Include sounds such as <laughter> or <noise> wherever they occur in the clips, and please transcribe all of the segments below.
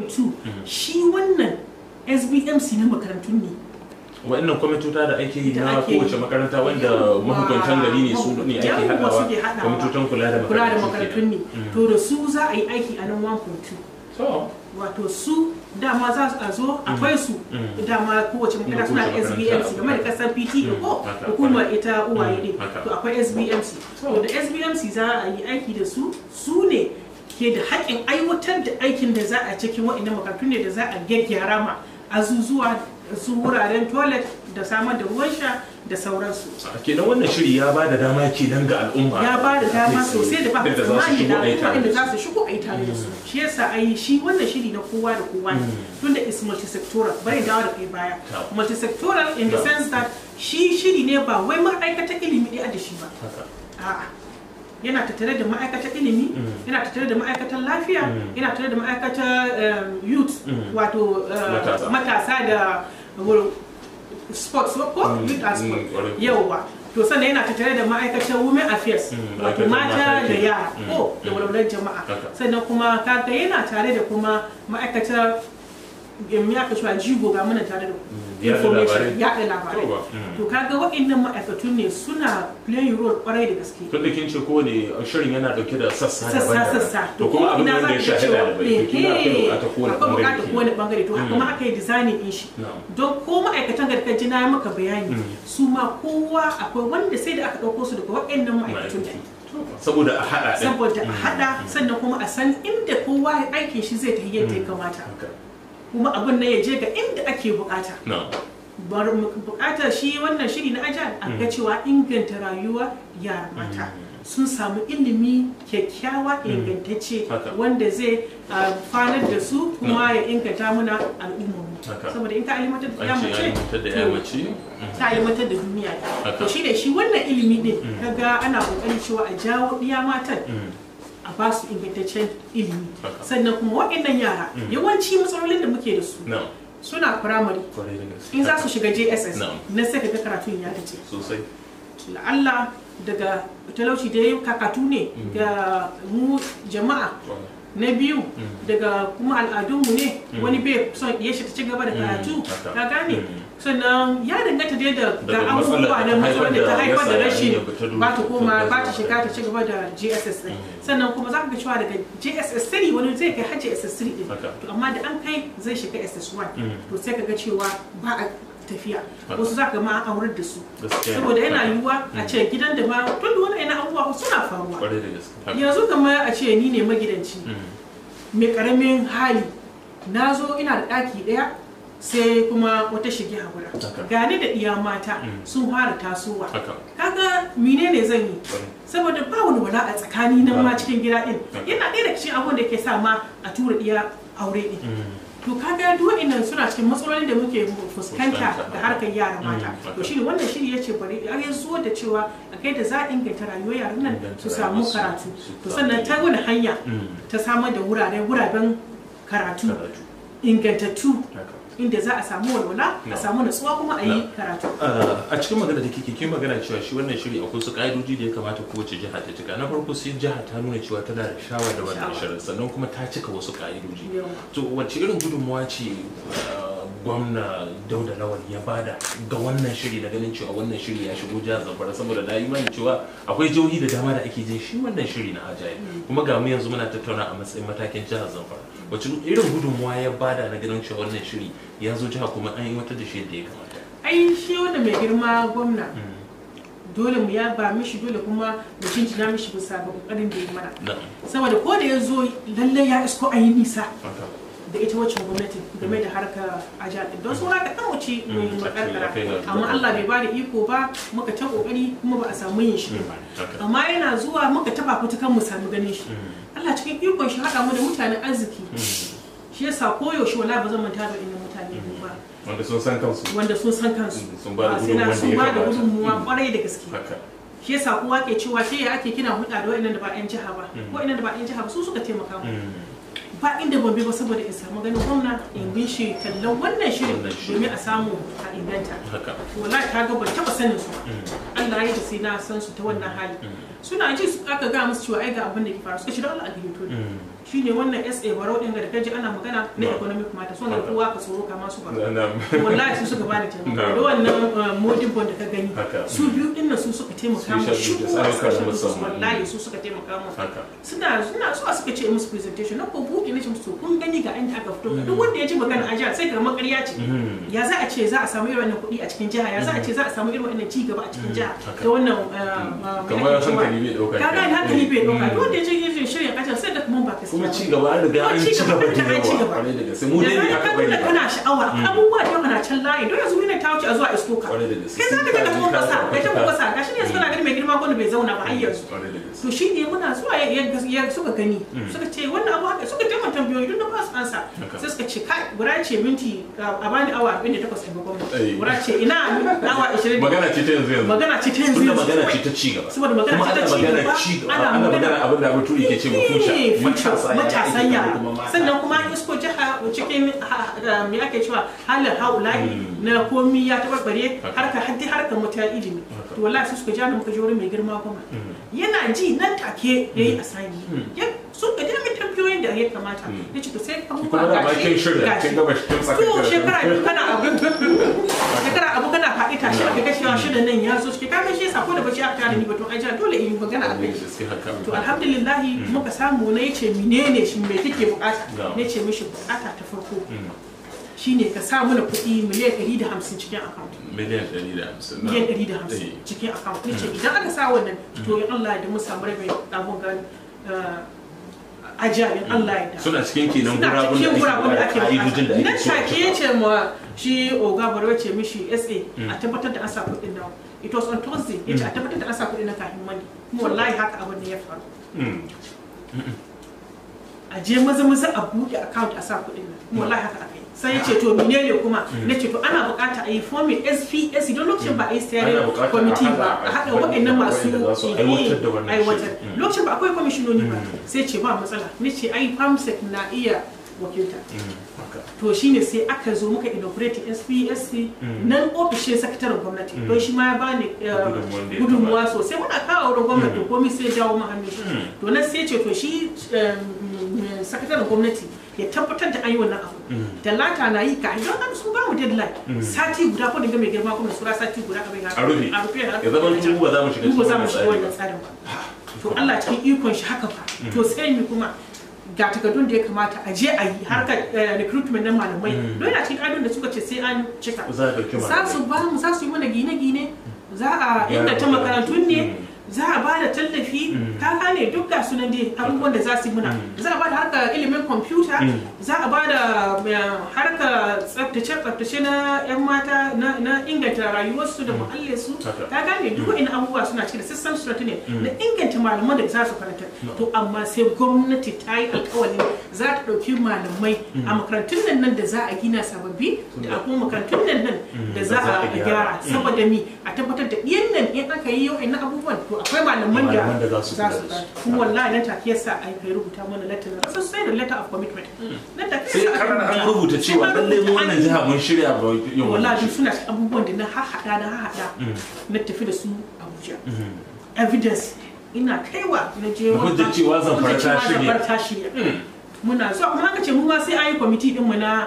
Mm-hmm. shi wannan sbmc na makarantun ne wannan kwamituta da ake yi na kowace makaranta wanda mahukuntan gari ne su ne ake haɗawa kwamitutan kula da makarantun ne to da su za a yi aiki a nan 1.2 wato su dama za a zo akwai mm-hmm. su mm-hmm. dama kowace makaranta suna da sbmc game da kasar pt e ko hukuma ita uwaye ne to akwai sbmc to da sbmc za a yi aiki da su su ne ke da haƙin aiwatar da aikin da za a cikin wa'in makarantu ne da za a gyaggyara ma azuzuwa su wuraren toilet da samar da ruwan sha da sauransu. kenan wannan shiri ya ba da dama nan ga al'umma ya ba da dama sosai da ba da tsammani da al'umma da za su shigo a yi tare da su mm. shi yasa a yi shi wannan shiri na kowa da kowa ne mm. tunda is multisectoral bari dawo da kai baya multisectoral in the sense that shi shiri ne ba wai ma'aikatar ilimi a da shi ba a'a yana tattare da ma'aikatar ilimi mm. yana tattare da ma'aikatar lafiya mm. yana tattare da ma'aikatar um, youth mm. wato uh, matasa da sports ko oh, youth as sport to sannan yana tattare da ma'aikatar women affairs wato mata da yara ko oh, da walwalar jama'a sannan kuma kaga yana tare da kuma ma'aikatar ya aka jigo ga mana tare da ku information yaɗa labarai to kaga waɗannan ma'aikatu ne suna playing role kwarai da gaske tunda kin ce ko ne shirin yana dauke da sassa sassa sassa to kuma abin da ya shafi ɗalibai kina eh, akwai kowane bangare to hmm. kuma aka yi designing din shi don ko ma'aikatan gargajiya na maka bayani hmm. su ma kowa akwai wanda sai da aka ɗauko su daga waɗannan ma'aikatun da saboda a haɗa saboda a hmm. hada sannan kuma a san inda kowa aikin shi zai ta yadda ya kamata kuma abin na ya je ga inda ake bukata bar bukatar shi wannan shiri na ajal a ga mm. cewa inganta rayuwa yara mata mm. sun samu ilimi kyakkyawa mm. ingantacce wanda zai fanar da su kuma ya inganta muna al'ummarmu saboda in ka alimantar da ya mace ta alimantar da duniya to shi da shi wannan ilimi ne kaga ana kokarin cewa a jawo iya matan a ba su ingantaccen ilimi sannan kuma waɗannan yara mm. yawanci matsalolin da muke da su suna firamare in za su shiga jss na sai ka karatun ya ce la'alla daga talauci da ya kakatu ne mm. ga mu jama'a na biyu mm. daga kuma al'adunmu ne mm. wani bai son iya shi ta ci gaba da mm. karatu ka gane sannan ya danganta dai da ga abubuwa na matsalar da ta haifar da rashin ba ta koma ba ta shiga ta ci gaba da JSS din sannan kuma za ka cewa daga JSS 3 wani zai kai har JSS 3 din amma da an kai zai shiga SS1 to sai ka ga cewa ba a tafiya wasu zaka ma aurar da su saboda yana yiwuwa a hmm. ce gidan da ma tun da wani yana abubuwa suna faruwa yanzu kamar a ce ni ne magidanci hmm. mai karamin hali na zo ina da ɗaki ɗaya sai kuma wata shige hakura gane da iya mata hmm. sun fara tasowa kaga mine ne zan yi saboda ba wani wala a tsakani nan ma cikin gida ɗin yana ɗaya da cikin abin da ke sa ma a tura iya aure ɗin to kaga duk wa'annan suna cikin matsalolin da muke fuskanta da harkar yara mm, mata to shi wannan shiri yace bari har yanzu da cewa a kai da za a inganta rayuwar yaran nan su samu karatu to sannan ta wani hanya mm. ta samar da wurare wuraren karatu ingantattu inda za a samu walwala a samu natsuwa kuma a yi karatu ah, a cikin magana da kike kin magana cewa shi wannan shiri akwai su ka'idoji da ya kamata kowace jiha ta cika na farko sai jiha ta nuna cewa tana da shawa da wannan shirin sannan kuma ta cika wasu ka'idoji to wace irin gudunmawa ce ah, gwamna dauda lawal ya bada ga wannan shiri da ganin cewa wannan shiri ya shigo jihar zamfara saboda na yi cewa akwai jihohi da dama da ake jin shi wannan shiri na ajaye mm. kuma ga mu yanzu muna tattauna a matsayin matakin jihar zamfara wacce irin gudunmuwa ya bada na ganin cewa wannan shiri ya zo jiha kuma an yi wata da shi da ya kamata ai shi wanda mai girma gwamna hmm. dole mu ya ba mishi dole kuma mu cincina mishi bisa ga kokarin da ya mana saboda ko da ya zo lalle ya isko a yi nisa da ita wacce gwamnati game da harka a jihar don suna ka kan wuce hmm, mai makarkara amma Allah bai ba da iko ba muka ta kokari kuma ba a samu yin shi ba hmm, amma yana zuwa muka ta fafutukan mu samu ganin shi Allah cikin ikon shi haɗa mu da mutanen arziki hmm. shi yasa koyaushe wala ba zan manta da inda mutane ba hmm. wanda sun san kansu wanda sun san kansu hmm. sun ba da ah, gudunmuwa kwarai da gaske shi sa kowa ke cewa ke ya ake kina hulɗa da wa'annan da ba 'yan jiha ba ko da ba 'yan jiha ba su suka taimaka mu ba inda ban bi ba saboda in samu ganin gwamna in bi shi kallon wannan shirin domin a samu a inganta wala ta ga ta taɓa sanin su Allah ya yi da sai na san su ta wannan hali suna ji aka ga musu cewa ai ga abin da ke faru suka shirya Allah a gayyato ne mm. shine wannan SA baro din da kaji ana magana na economic matter sun ga kowa ka ka kama su ba wallahi su suka bani taimako da wannan uh, modin bond da ka gani su biyu din nan su suka taimaka mu shi wallahi su suka taimaka mu suna suna zuwa suka ce musu presentation na ko buki ne musu kun gani ga inda aka fito mm. duk wanda ya ji magana a jiha sai ga makarya ce mm. ya za a ce za a samu irin wannan kuɗi a cikin jiha ya za a ce za a samu irin wannan ci gaba a cikin jiha da wannan uh, uh, kamar hankali bai ɗauka ka gane hankali bai ɗauka duk wanda ya je ya shirya kacar sai da kuma ba ka kuma ci gaba an riga an ci gaba da yawa da gaske mu dai ne aka bari kana sha'awa mm. abubuwa da yawa na can layi don yanzu ne ta wuce a zuwa isko ka kai za ka ga kuma kasa ka ta kuma kasa gashi ne yanzu kana mm. gani mai girma gwamnati bai zauna ba har yanzu to shi ne muna zuwa ya suka gani mm. suka ce wannan abu haka suka taimaka tambayoyi duk da ba su ansa sai suka ce kai gura ce minti a bani awa 28 ɗin gwamnati gura ce ina awa 20 magana ce ta yanzu yanzu magana ce ta ci gaba saboda magana ce ta ana magana ana magana abin da bature ke ce sannan kuma isko jiha cikin me ake cewa halin haulahi hmm. na komi ya tabarbare harka haddi harka mutan ilimi to wallahi sai suka ja ni muka je wurin mai girma goma mm. yana ji nan take yayi mm. asani mm. sun ka dai tambayoyin da ya kamata ya ce to sai abubuwa ga shi to shekara biyu kana abu shekara abu kana faɗi tashi aka shi da nan ya so shi kashe sa ko da bace aka tare ni ba batun ajiya dole in yi magana a kai to alhamdulillah muka samu na yace menene shi me kike bukata Ne ce mishi bukata ta farko shine ka sa mana kuɗi miliyan 150 cikin account miliyan 150 miliyan 150 eh. cikin account nace mm. idan aka sa wannan to mm. in Allah da mun samu rabin abun gan eh, ajiya in mm. Allah ya da suna cikin kenan gurabun da ake ka'idojin da ake nan take yace ma shi oga barwa ce mishi SA a tabbatar da an sa kuɗin nawa it was on Thursday yace a tabbatar da an sa kuɗin na kafin Monday kuma wallahi haka abin ne ya faru a je maza maza a buɗe account a sa kuɗin nan kuma wallahi haka sai ce to ne kuma mm. na ce to ana bukata a yi fomin sps don lokacin ba a yi steering committee ba a haɗa waɗannan masu e aiwatar mm. lokacin ba akwai kwamishinoni ba mm. sai ce ba matsala na ce ai famsec na iya wakilta to shine sai aka zo muka inaugurate SPSC nan ofishin sakataren gwamnati don shi ma ya bani eh, gudunmuwa sosai muna kawo wurin gwamnati komai sai jawo mu hannu to nan sai ce to shi eh, sakataren gwamnati ya tabbatar da an yi wannan abu mm. talata na yi ka don kan su ba mu deadline mm. sati guda ko daga mai girma kuma sura sati guda ka kamar ya a rufe ya zama mu ba za mu shiga cikin wannan tsarin ba to Allah cikin ikon shi haka fa mm. to sai mu kuma ga takardun da ya kamata a je a yi harkar eh, recruitment nan malamai don yana cikin kadun da suka ce sai an cika za su ba mu za su yi mana gine-gine za a ta makarantun ne za a bada tallafi mm. ka gane duk ga sunan dai abubuwan da za su muna mm. za a bada harka ilimin kwamfuta mm. za a bada eh, harka tsaftace tsaftace na yan mata na inganta rayuwarsu da muhallinsu ka gane duk ina abubuwa suna cikin sassan su ne na inganta malaman da za su karanta to amma sai gwamnati ta yi alkawalin za ta ɗauki malamai a makarantun nan nan da za a gina sababbi da a kuma makarantun nan nan da za a gyara saboda mi a tabbatar da ɗiyan nan in aka yi yau abubuwan to akwai malaman da za su kula kuma wallahi nan take yasa ai kai rubuta mana letter na sai sai da letter of commitment mm. nan take sai karan an rubuta cewa lalle mu wannan jiha mun shirya ba yin wallahi suna abubuwan da na ha hada na ha hada mm. na tafi da su Abuja mm. evidence ina kaiwa na je wa hujjar cewa zan farta shi ne muna so amma haka ce mu ma sai ayi committee din mu na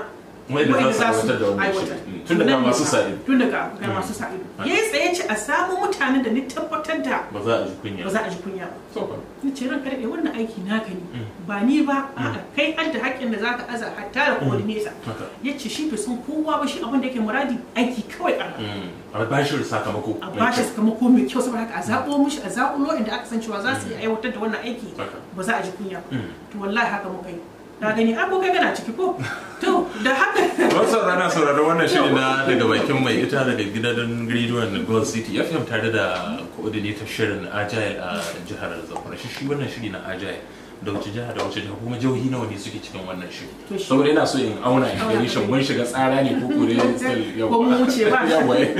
mai da za su wata tun daga masu sa ido tun daga masu sa ido yayi tsaye ce a samu mutanen da ni tabbatar da ba za a ji kunya ba za a ji kunya ba ni ce ranka dai wannan aiki naka ne hmm. ba ni ba hmm. kai har da haƙƙin da za ka aza hatta da coordinator hmm. yace shi bai san kowa ba shi abin da yake muradi aiki kawai a a ba sakamako a ba sakamako mai kyau saboda haka a zaɓo mushi a zaɓo da aka san cewa za su yi aiwatar da wannan aiki ba za a ji kunya ba to wallahi haka muka yi na gani abu ah, kai gana ciki ko <laughs> to da haka wasu <laughs> rana sauraron wannan shiri na daga bakin mai ita daga gidan rediyon gold city fm tare da coordinator shirin agile a jihar zamfara shi shi wannan shiri na agile da wace jiha da wace jiha kuma jihohi nawa ne suke cikin wannan shiri saboda ina so in auna in gani shan, mun shiga tsara ne ko kore ya mu wuce ba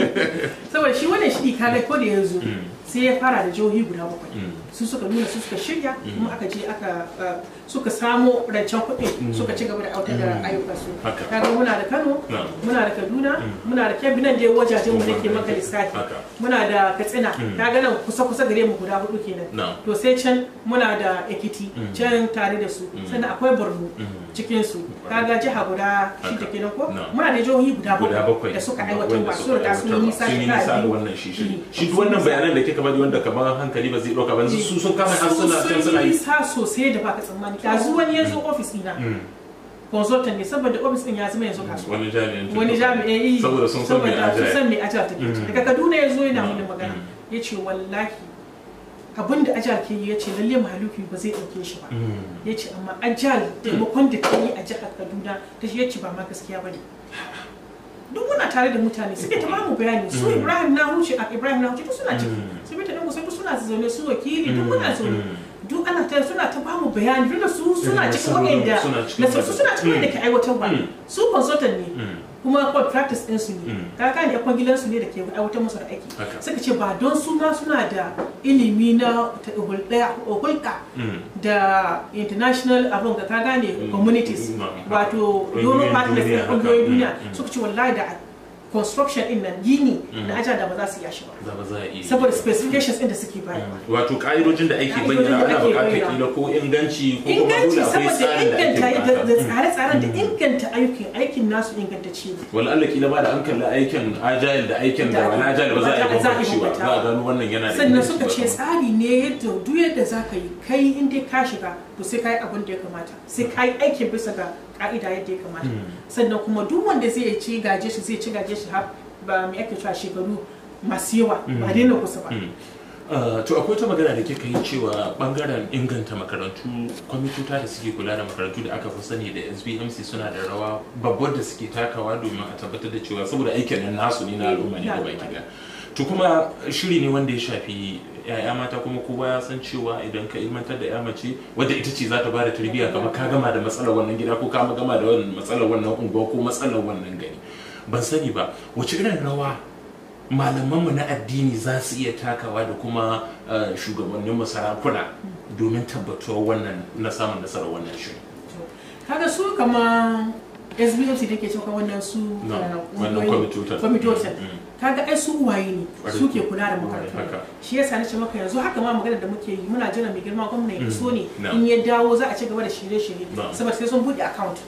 <laughs> saboda shi wannan shiri kaga ko da yanzu mm. sai ya fara da jihohi guda bakwai mm. su suka nuna su suka shirya mm. kuma aka je aka uh, suka samo rancen kuɗi mm. suka ci gaba da autar da ayyukansu kaga muna da kano muna da kaduna muna da kebbi nan dai wajajen mu nake maka lissafi muna da katsina kaga nan kusa kusa gare mu guda hudu kenan to sai can muna da ekiti can tare da su sannan akwai borno cikin su kaga jiha guda shida kenan ko muna da jihohi guda bakwai da suka aiwatar ba su da su nisa shi wannan bayanan da kika al'amari wanda kamar hankali ba zai ɗauka ba su sun kama har suna can suna yi sa sosai da baka tsammani Ka zuwa ne zo ofis ɗina mm. Mm. consultant ne saboda office din ya zama yanzu kasuwa mm. wani jami'in wani jami'i yi eh, saboda sun san mai ajiyar take daga kaduna yazo yana mun magana ya ce wallahi abin da ajal ke yi ya ce lalle mahaluki ba zai ɗauke shi ba ya ce amma ajal taimakon da ta yi a jihar kaduna ta shi ya ce ba ma gaskiya ba ne duk muna tare da mutane suke ta mu bayani su mm. ibrahim na huce a ibrahim na huce duk suna ciki mm. su bi ta dan kusa suna zaune su wakili duk muna mm. zaune duk ana ta suna ta ba mu bayani duk da su suna eh, cikin wa'anda na su suna cikin da ke aiwatar ba su consultant ne kuma practice din su ne hmm. ka ne akwai gidan su ne da ke aiwatar musu da aiki suka ce ba don su ma suna da ilimi na hulɗa hmm. da international abin ka gane hmm. communities wato yoro partners na kungiyoyin duniya suka ce wallahi da construction din nan gini mm. na aja da ba za su yashi ba. Da ba za yi. saboda specifications din da suke bayar mm. wato ka'idojin da ake bayyana ana bukatar kila ko inganci ko kuma dole akwai tsarin da ake bukata da tsare-tsaren da mm. inganta aikin aikin nasu inganta ce wala Allah kila ba da an kalli aikin agile da aikin da wani agile ba za a yi bambanci ba za a gano wannan yana da sannan suka ce tsari ne yadda duk yadda za ka yi kai in dai ka shiga to sai ka yi abin da ya kamata sai ka yi aikin bisa ga ka'ida yadda ya kamata hmm. sannan kuma duk wanda zai ci gaje shi zai ci gaje shi har ba mu ake cewa shekaru masu yawa ba hmm. daina kusa ba hmm. uh, to akwai ta magana da kika yi cewa bangaren inganta makarantu kwamitota da suke kula da makarantu da aka fi sani da sbmc suna da rawa babbar da suke takawa domin a tabbatar da cewa saboda aikin nan nasu ne na al'umma ne da baki to kuma shiri ne wanda ya shafi ya'ya mata kuma kowa ya san cewa idan ka ilmantar da ya mace wadda ita ce za ta ba da tarbiyya kamar ka gama da matsalar wannan gida ko ka gama da wannan matsalar wannan unguwa ko matsalar wannan gari ban sani ba wace irin rawa malamanmu na addini za su iya takawa da kuma eh, shugabannin sarakuna domin tabbatar wannan na samun nasarar wannan shirin kaga su kama sbfc take cewa wannan su eh, wannan kwamitotar kaga ai su uwaye ne ke kula da makarantu shi yasa ce maka yanzu haka ma magana da muke yi muna jira mai girma gwamna ya mm. So ne in ya dawo za a ci gaba da shirye-shirye saboda sai sun buɗe account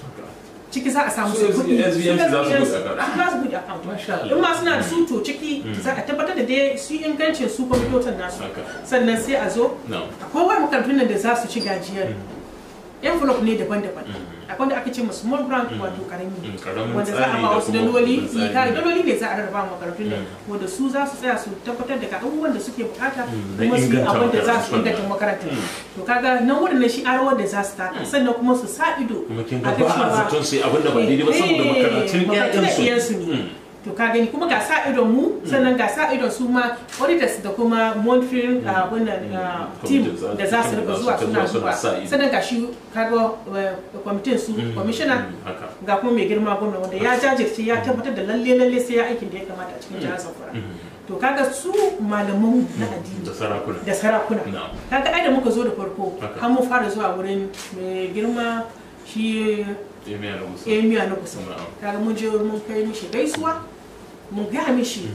ciki za a samu sai kuɗi su za su buɗe account in ma suna da su to ciki mm. za a tabbatar da dai su ingancin su kwamfutan nasu sannan sai a zo akwai wai makarantun nan da za su ci gajiyar mm. envelope ne daban-daban akwai wanda aka ce ma small grant mm. wato karami mm, wanda za a ba wasu daloli eh, ka daloli ne za a rarraba ma karatu ne mm. wanda su za su tsaya su tabbatar da ka abubuwan da suke bukata kuma su yi abin da za su inganta makaranta to kaga nan waɗannan shi arawar da za su taka sannan kuma su sa ido a ga sai abin da ba daidai ba saboda eh, makarantun 'ya'yansu ne to ka gani kuma ga sa idon mu hmm. sannan ga sa idon su ma auditors da kuma hmm. a ah, wannan ah, hmm. team da za su rika zuwa suna zuwa sannan ga shi kaga eh, kwamitin su commissioner ga kuma mai girma gwamna wanda ya jajirce ya tabbatar da lalle lalle sai ya aikin da ya kamata a cikin jihar Zamfara to kaga su malaman na addini da sarakuna da sarakuna kaga ai da muka zo da farko har mu fara zuwa wurin mai girma shi emiya na kusa kaga mun je mun kai mishi gaisuwa mu ga mishi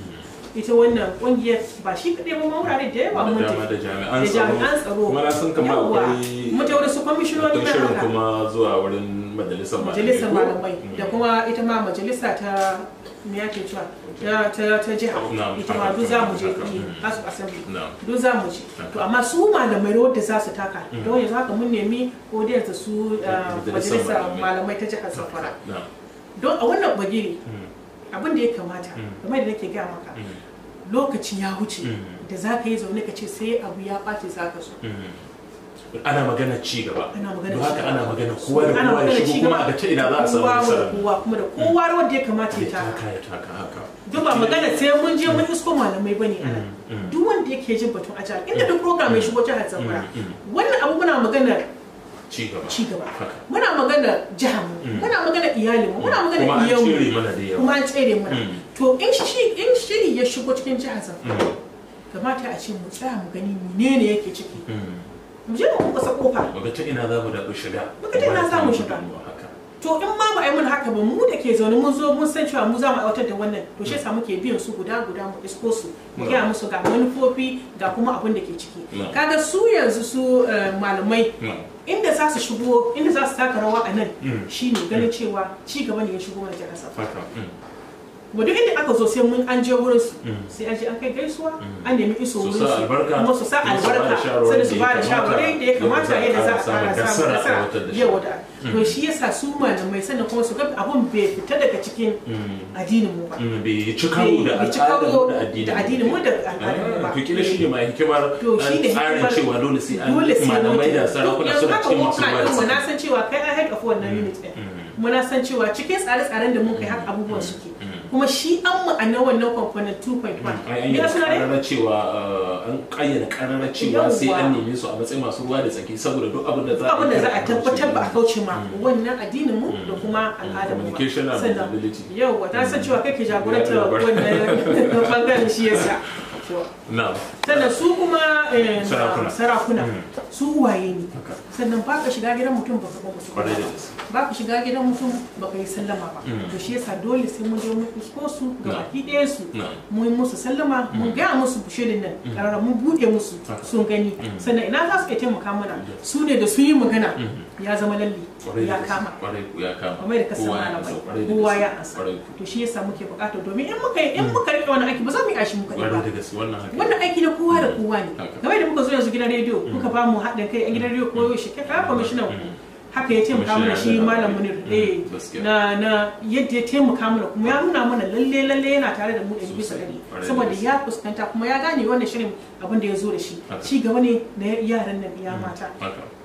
ita wannan kungiyar ba shi kaɗai ba wurare da yawa mun da jami'an tsaro kuma na san kamar akwai mu tafi da su kwamishinoni na haka kuma zuwa wurin majalisar malamai majalisar malamai mm. da kuma ita ma majalisa ta me yake cewa ta ta ta jiha ita ma duk za mu je asu eh, assembly duk za mu je to amma su malamai wanda za su taka mm. don yanzu haka mun nemi audience su eh, majalisar malamai ta jihar Zamfara don a wannan bagiri mm. abin da ya kamata mm. kamar da nake gaya maka mm. lokaci ya wuce mm. da za ka yi zaune ka ce sai abu ya ɓace za ka so ana magana ci gaba Ana don haka ana magana kowa da kowa ya shigo kuma a ta ina za a samu nasara kowa kuma da kowa wanda ya kamata ya taka ya taka haka duk ba magana sai mun je mun isko malamai bane ana duk wanda yake jin batun a inda duk program ya shigo jihar Zamfara wannan abu muna magana ci gaba muna magana jihar mu mm. muna magana iyalin mu muna mm. magana iyan kuma an tsere mana mm. to in shiri ya shigo cikin jihar kamata a ce mu tsaya mu gani menene yake ciki mu je mu kusa kofa mu ga ina za mu daɗo shiga mu ga ina za mu shiga to in ma ba a yi mun haka ba mu da ke zaune mun zo mun san cewa mu za mu aiwatar da wannan to shi yasa muke biyan su guda guda mu isko su mu gaya musu ga manufofi ga kuma abin da ke ciki kaga su yanzu su eh, malamai inda za su shigo inda za su taka rawa a nan mm. shine ganin mm. cewa ci gaba ne ya shigo mana jihar kuma duk inda aka zo sai mun an je wurin su mm. sai an je an kai gaisuwa mm. an nemi iso wurin su kuma su sa albarka sai su ba da shawarai da ya kamata yadda za a kara samun nasara yau da mm. to shi yasa su malamai sannan kuma su ga abun bai fita daga cikin addinin mu ba bai ci karo da da addinin mu da al'adar ba ah, to kila shi ne ma hikimar tsarin cewa dole sai an malamai da sarakuna suna cikin masu mu na san cewa kai a head of wannan unit din muna san cewa cikin tsare-tsaren da mun kai har abubuwan suke kuma shi an ma'ana wannan nawa 2.1 ya suna ne cewa eh, an kayyana cewa sai an neme su a matsayin masu ruwa da tsaki saboda duk abin da za a za a tabbatar ba a kauce ma hmm. wannan addinin mu da hmm. kuma hmm. al'adar mu communication and ability yau ta san cewa kake jagorantar wannan <laughs> bangaren shi yasa sannan su kuma eh, sarakuna hmm. su waye ne sannan ba ka shiga gidan mutum ba ka ba musu ba ka shiga gidan mutum ba ka yi sallama ba hmm. to shi yasa dole sai mun je mun kusko su ga baki ɗaya su mun musu sallama hmm. mun ga musu shirin nan karara mun bude musu sun gani sannan ina za su iya taimaka mana su ne da sun yi magana ya zama lalle ya kama kamar da ka sama na kowa ya ansa to shi yasa muke bukatar domin in muka in muka rike wani aiki ba za mu yi ashi muka ba wannan aiki na kowa da mm. kowa ne kamar da muka zo yanzu gidan rediyo kuka ba mu haɗin kai a gidan rediyo ko yaushe ka kwamishinan haka ya taimaka mana shi malam mm, eh, na na yadda ya taimaka mana kuma ya nuna mana lalle lalle yana tare da mu da bisa gari saboda ya fuskanta kuma ya gane wannan shirin abin da ya zo da shi ci gaba ne na yaran nan ya mm, mata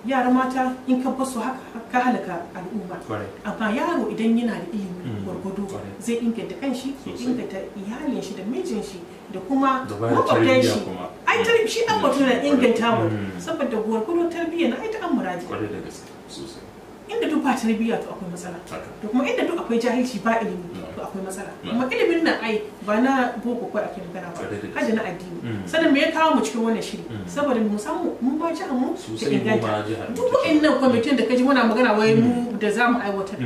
yara mata in ka basu haka ka halaka al'umma amma yaro idan yana da ilimi mm, gwargwado zai inganta kanshi ya inganta iyalin shi da mijin shi da kuma makwabtan shi ai shi an mutum na inganta mu saboda gwargwado tarbiyya na ai ta an muraji inda duk ba tarbiyya to akwai matsala to kuma inda duk akwai jahilci ba ilimi to akwai matsala kuma ilimin nan ai ba na boko ko ake magana ba haje na addini mm. sannan me ya kawo mu cikin wannan shiri mm. saboda mu samu mun ba jihar mu da inganta duk wa'annan kwamitin da kaji muna magana wai mu mm. da zamu aiwatar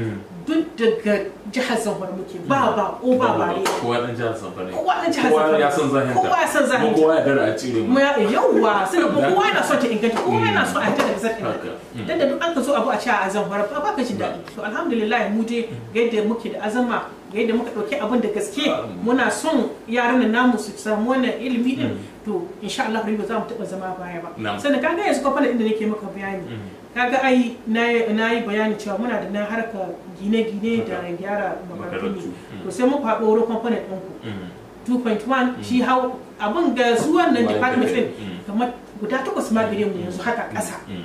duk daga jihar zamfara muke ba ba ko ba ba ne kowa dan jihar zamfara ne kowa dan jihar zamfara ya san zahinta kowa ya san zahinta kowa ya dara a cire mu yawa sai kuma kowa yana so ta inganta kowa yana mm. so a ta da zata inganta mm. dan da duk an ka so abu a cewa a zamfara ba ka jin daɗi to alhamdulillah mu dai ga yadda muke da azama ga yadda muka ɗauki abin da gaske muna son yaran da namu su samu wannan ilimi din mm. to insha Allah riba za mu taɓa zama baya ba sannan kaga yanzu kwafalar inda nake maka bayani kaga ai na yi bayani cewa muna da na harka gine-gine da gyara makarantu to sai mu faɗo wurin component ɗinku 2.1 shi hau abin ga su wannan department ɗin mm. kamar guda takwas ma gare mu yanzu haka ƙasa mm.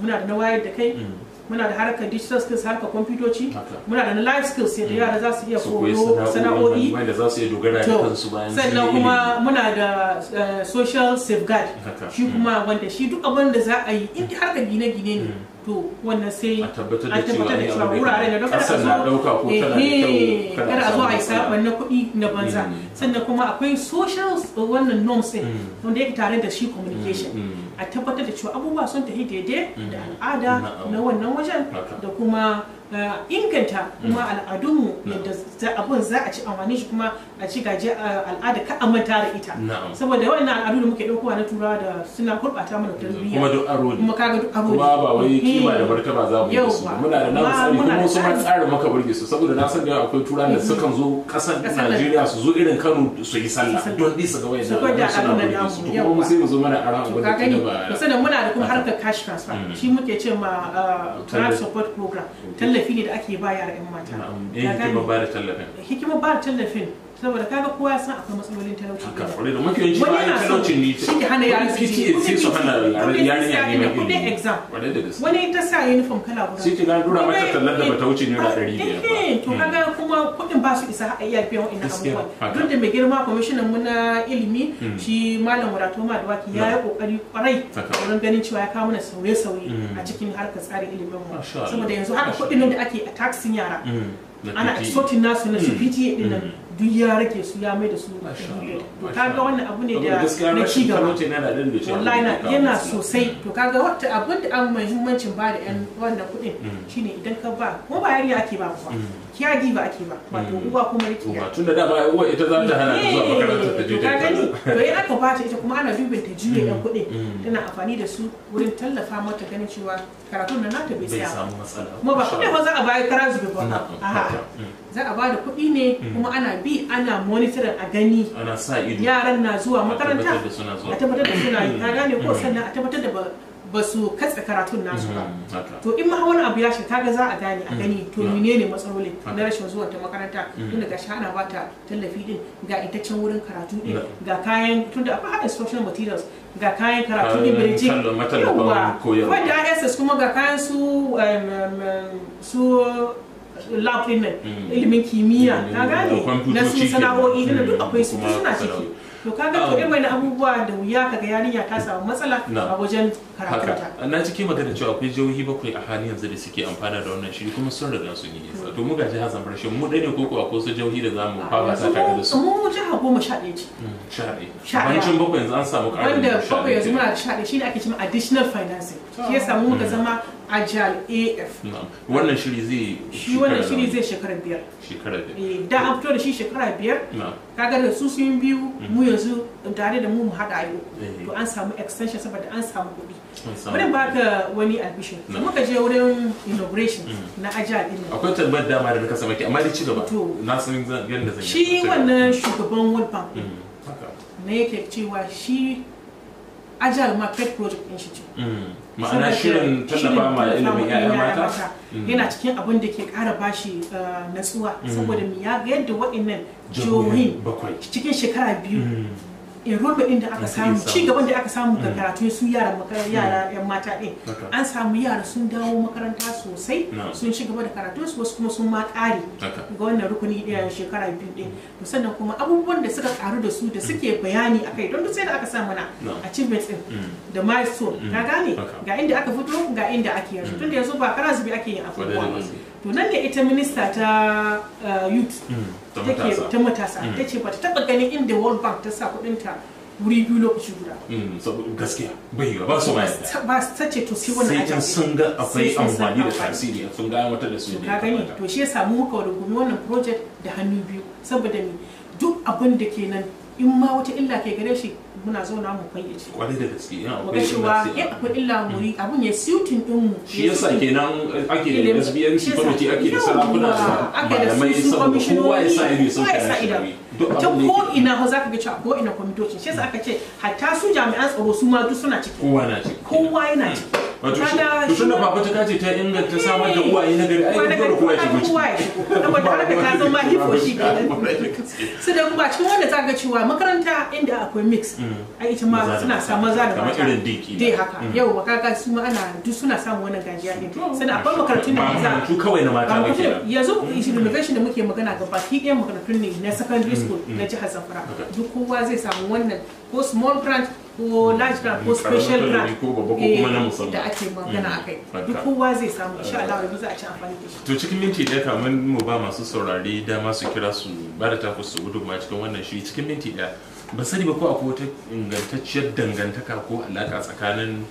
muna da na wayar da kai mm. muna da harkar digital skills harkar kwamfutoci muna da life skills yadda yara za su iya koyo sana'o'i sannan kuma muna da eh, social safeguard shi kuma mm. wanda shi duk abin da za a yi in harkar gine-gine ne mm. to wannan sai a tabbatar da cewa wurare da kada eh, eh, a zo kada a zo a yi sabon na kuɗi na banza mm, mm. sannan kuma akwai social wannan norms din mm. wanda yake tare da shi communication a tabbatar da cewa abubuwa sun tafi daidai da al'ada na wannan wajen da kuma eh, inganta kuma al'adunmu yadda abin za a ci amfani shi kuma a ci gaje al'ada ka amma tare ita saboda na al'adu da muke ɗaukowa na turawa da suna gurɓata mana tarbiyya kuma duk aro ne kuma kaga duk aro kuma ba wai eh. kima da martaba za mu yi su muna da na tsari kuma wasu ma tsarin maka burge su saboda na san da akwai turawa da mm-hmm. suka zo ƙasar Najeriya su zo irin Kano su yi sallah don ɗisa ga da suna burge su kuma mu sai mu zo mana aran abin da ke ba sannan muna da kuma harkar cash transfer mm. shi muke ce ma child uh, support program mm. tallafi ne da ake bayar ga 'yan mata eh, hikimar ba da tallafin hikimar ba da tallafin saboda kaga kowa san akwai matsalolin talauci haka kwarai da mafi yawanci ba talaucin ne shi ne hana yaran su PTA sai su hana yarinya ne mai kudin exam wani ta sa uniform kala guda sai ki ga dura mata tallar da eh, bata wuce naira 500 ah, ba eh, to kaga hmm. kuma kuɗin ba su isa a iya biyan wa'annan abubuwa duk da mai girma kwamishinan mu na ilimi hmm. shi malam Wadato Madawaki ya hmm. yi kokari kwarai wurin ganin cewa ya kawo mana sauye-sauye a cikin harkar tsarin ilimin mu saboda yanzu haka kuɗin da ake a taxin yara ana extorting nasu na su PTA din nan duk ya rake su ya mai da su to kaga wannan abu ne da na ci gaba wallahi na yana sosai to kaga wata abin da an muhimmancin ba da yan mm. wannan kuɗin mm. shine idan ka ba ko ba yari ake ba ba kiya giba ake ba wato uwa kuma ya kiya tun da dama uwa ita za ta hana zuwa makarantar da jita ta gani to in aka bata ita kuma ana dubin ta juye dan hmm. kuɗin hmm. tana amfani da su wurin tallafa mata ganin cewa karatun nan nata bai tsaya kuma ba kuɗi ba za a bayar kara zube ba za a bada kuɗi ne hmm. kuma ana bi ana monitoring a gani yaran na zuwa makaranta a tabbatar da suna yi ka gane ko sannan a tabbatar da ba su katse karatun nasu ba mm-hmm. to in ma wani abu ya shiga kaga za a gane a mm-hmm. gani to ne matsalolin na rashin zuwa ta makaranta tunda mm-hmm. ga ana ba ta tallafi din ga itaccen wurin karatu din ga kayan tunda akwai hada social materials ga kayan karatu din birji yawa wanda ss kuma ga kayan su su lab din nan ilimin kimiyya ta gane na sun sana'o'i da duk akwai su suna ciki to kaga to irin abubuwa da wuya kaga yarinya ta samu matsala a wajen karatunta na ciki magana cewa akwai jihohi bakwai a halin yanzu da suke amfana da wannan shiri kuma sun riga sun yi nisa to mu ga jihar zamfara shin mu ɗaya ne ko kuwa ko su jihohi da zamu fara ta tare da su mu jiha goma sha ɗaya ce hmm, sha ɗaya bancin bakwai yanzu an samu ƙarin wanda bakwai yanzu muna da sha ɗaya shi ne ake cewa additional financing shi ya samu muka hmm. zama Ajal af wannan shiri zai shi wannan shiri zai shekara biyar shekara biyar eh, da an fito da shi shekara biyar kaga da su sun biyu mm-hmm. mu yanzu tare da mu mu haɗa yau eh. to an samu extension saboda an samu kuɗi bari ba ka wani albishin muka je wurin inauguration mm-hmm. na ajal din akwai tabbar dama da ka samu amma dai ci gaba na san yadda zan shi wannan shugaban world bank mm-hmm. ne yake cewa shi Ajal market project institute ma'ana shirin tallafa ma ilimin ya'ya mata mm. yana cikin abin da ke kara bashi uh, natsuwa mm. saboda yadda waɗannan jihohin cikin shekara biyu mm. enrollment din da aka samu ci gaban da aka samu ga mm. karatu su yara mm. yara yan mata din an samu yara sun dawo makaranta sosai sun ci gaba da karatu su wasu kuma sun ma ƙare ga wannan rukuni ɗaya mm. shekara biyu din sannan kuma abubuwan da suka karu da su da suke bayani akai don duk sai da aka sa mana achievements din da milestone ka gane ga inda aka fito ga inda ake yanzu tunda yanzu ba kara zubi ake yin abubuwa to nan ne ita minista ta uh, youth mm, ta matasa mm. ta ce ba ta taba ganin inda world bank ta sa kudinta wuri biyu lokaci guda mm, saboda gaskiya bai ba su ma yadda ba ta ce to sai wannan ajiyar sun ga akwai amfani da tasiri sun ga wata da su ne ka gani to shi ya samu muka wa rungumi wannan project da hannu biyu saboda ni duk abin da ke nan in ma wata illa ke gare shi muna zauna mu fayyace kwarai da gaske in akwai ba ya akwai illa mu yi abun ya siutin din mu shi yasa kenan ake da SBNC kwamiti ake da sarakuna da malamai saboda kowa ya sa ido sun kai shi ta ko ina ho zaka ga cewa ko ina kwamitocin shi yasa aka ce hatta su jami'an tsaro su ma duk suna ciki kowa na ciki kowa yana hmm. ciki wato shi tunda baba ta kace ta inganta samar da uwaye na gari ai kuma da kowa ya shigo ciki ta haka ka san ma hifo shi kenan su da ba cikin wanda zaka cewa makaranta inda akwai mix mm. a ita ma suna sa maza da mata kamar dai haka mm. yau makaka su ma ana duk suna samun wannan gajiya ne mm. sannan akwai makarantun da maza su kawai na mata ba kenan yanzu immigration da muke magana ga baki ɗayan makarantun ne na secondary school na jihar Zamfara duk kowa zai samu wannan ko small branch ko na ji eh, ko special grant da ake magana hmm. a kai duk kowa zai samu insha Allah yanzu za a ci amfani da shi to cikin minti ɗaya kamar mu ba masu saurari dama su kira su ba da taku su gudu ma cikin wannan shi cikin minti ɗaya ba sani ba ko akwai wata ingantacciyar dangantaka ko alaka tsakanin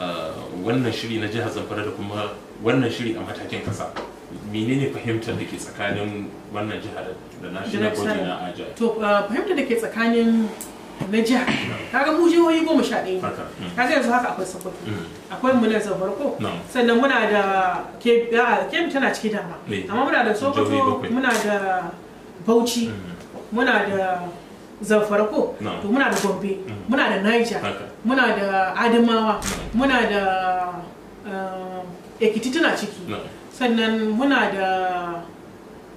ah, wannan shiri na jihar zamfara da kuma wannan shiri a matakin kasa menene fahimtar da ke tsakanin wannan jihar da national body na aja to ah, fahimtar da ke tsakanin na jiha kaga mu jihohi goma sha ɗaya ne mm. kaga yanzu haka akwai sokoto mm. akwai mu nan sannan muna da kebbi tana ciki dama amma muna da sokoto muna da bauchi mm. muna da zamfara to muna da gombe muna da naija muna da adamawa muna da eh, ekiti tana ciki sannan muna da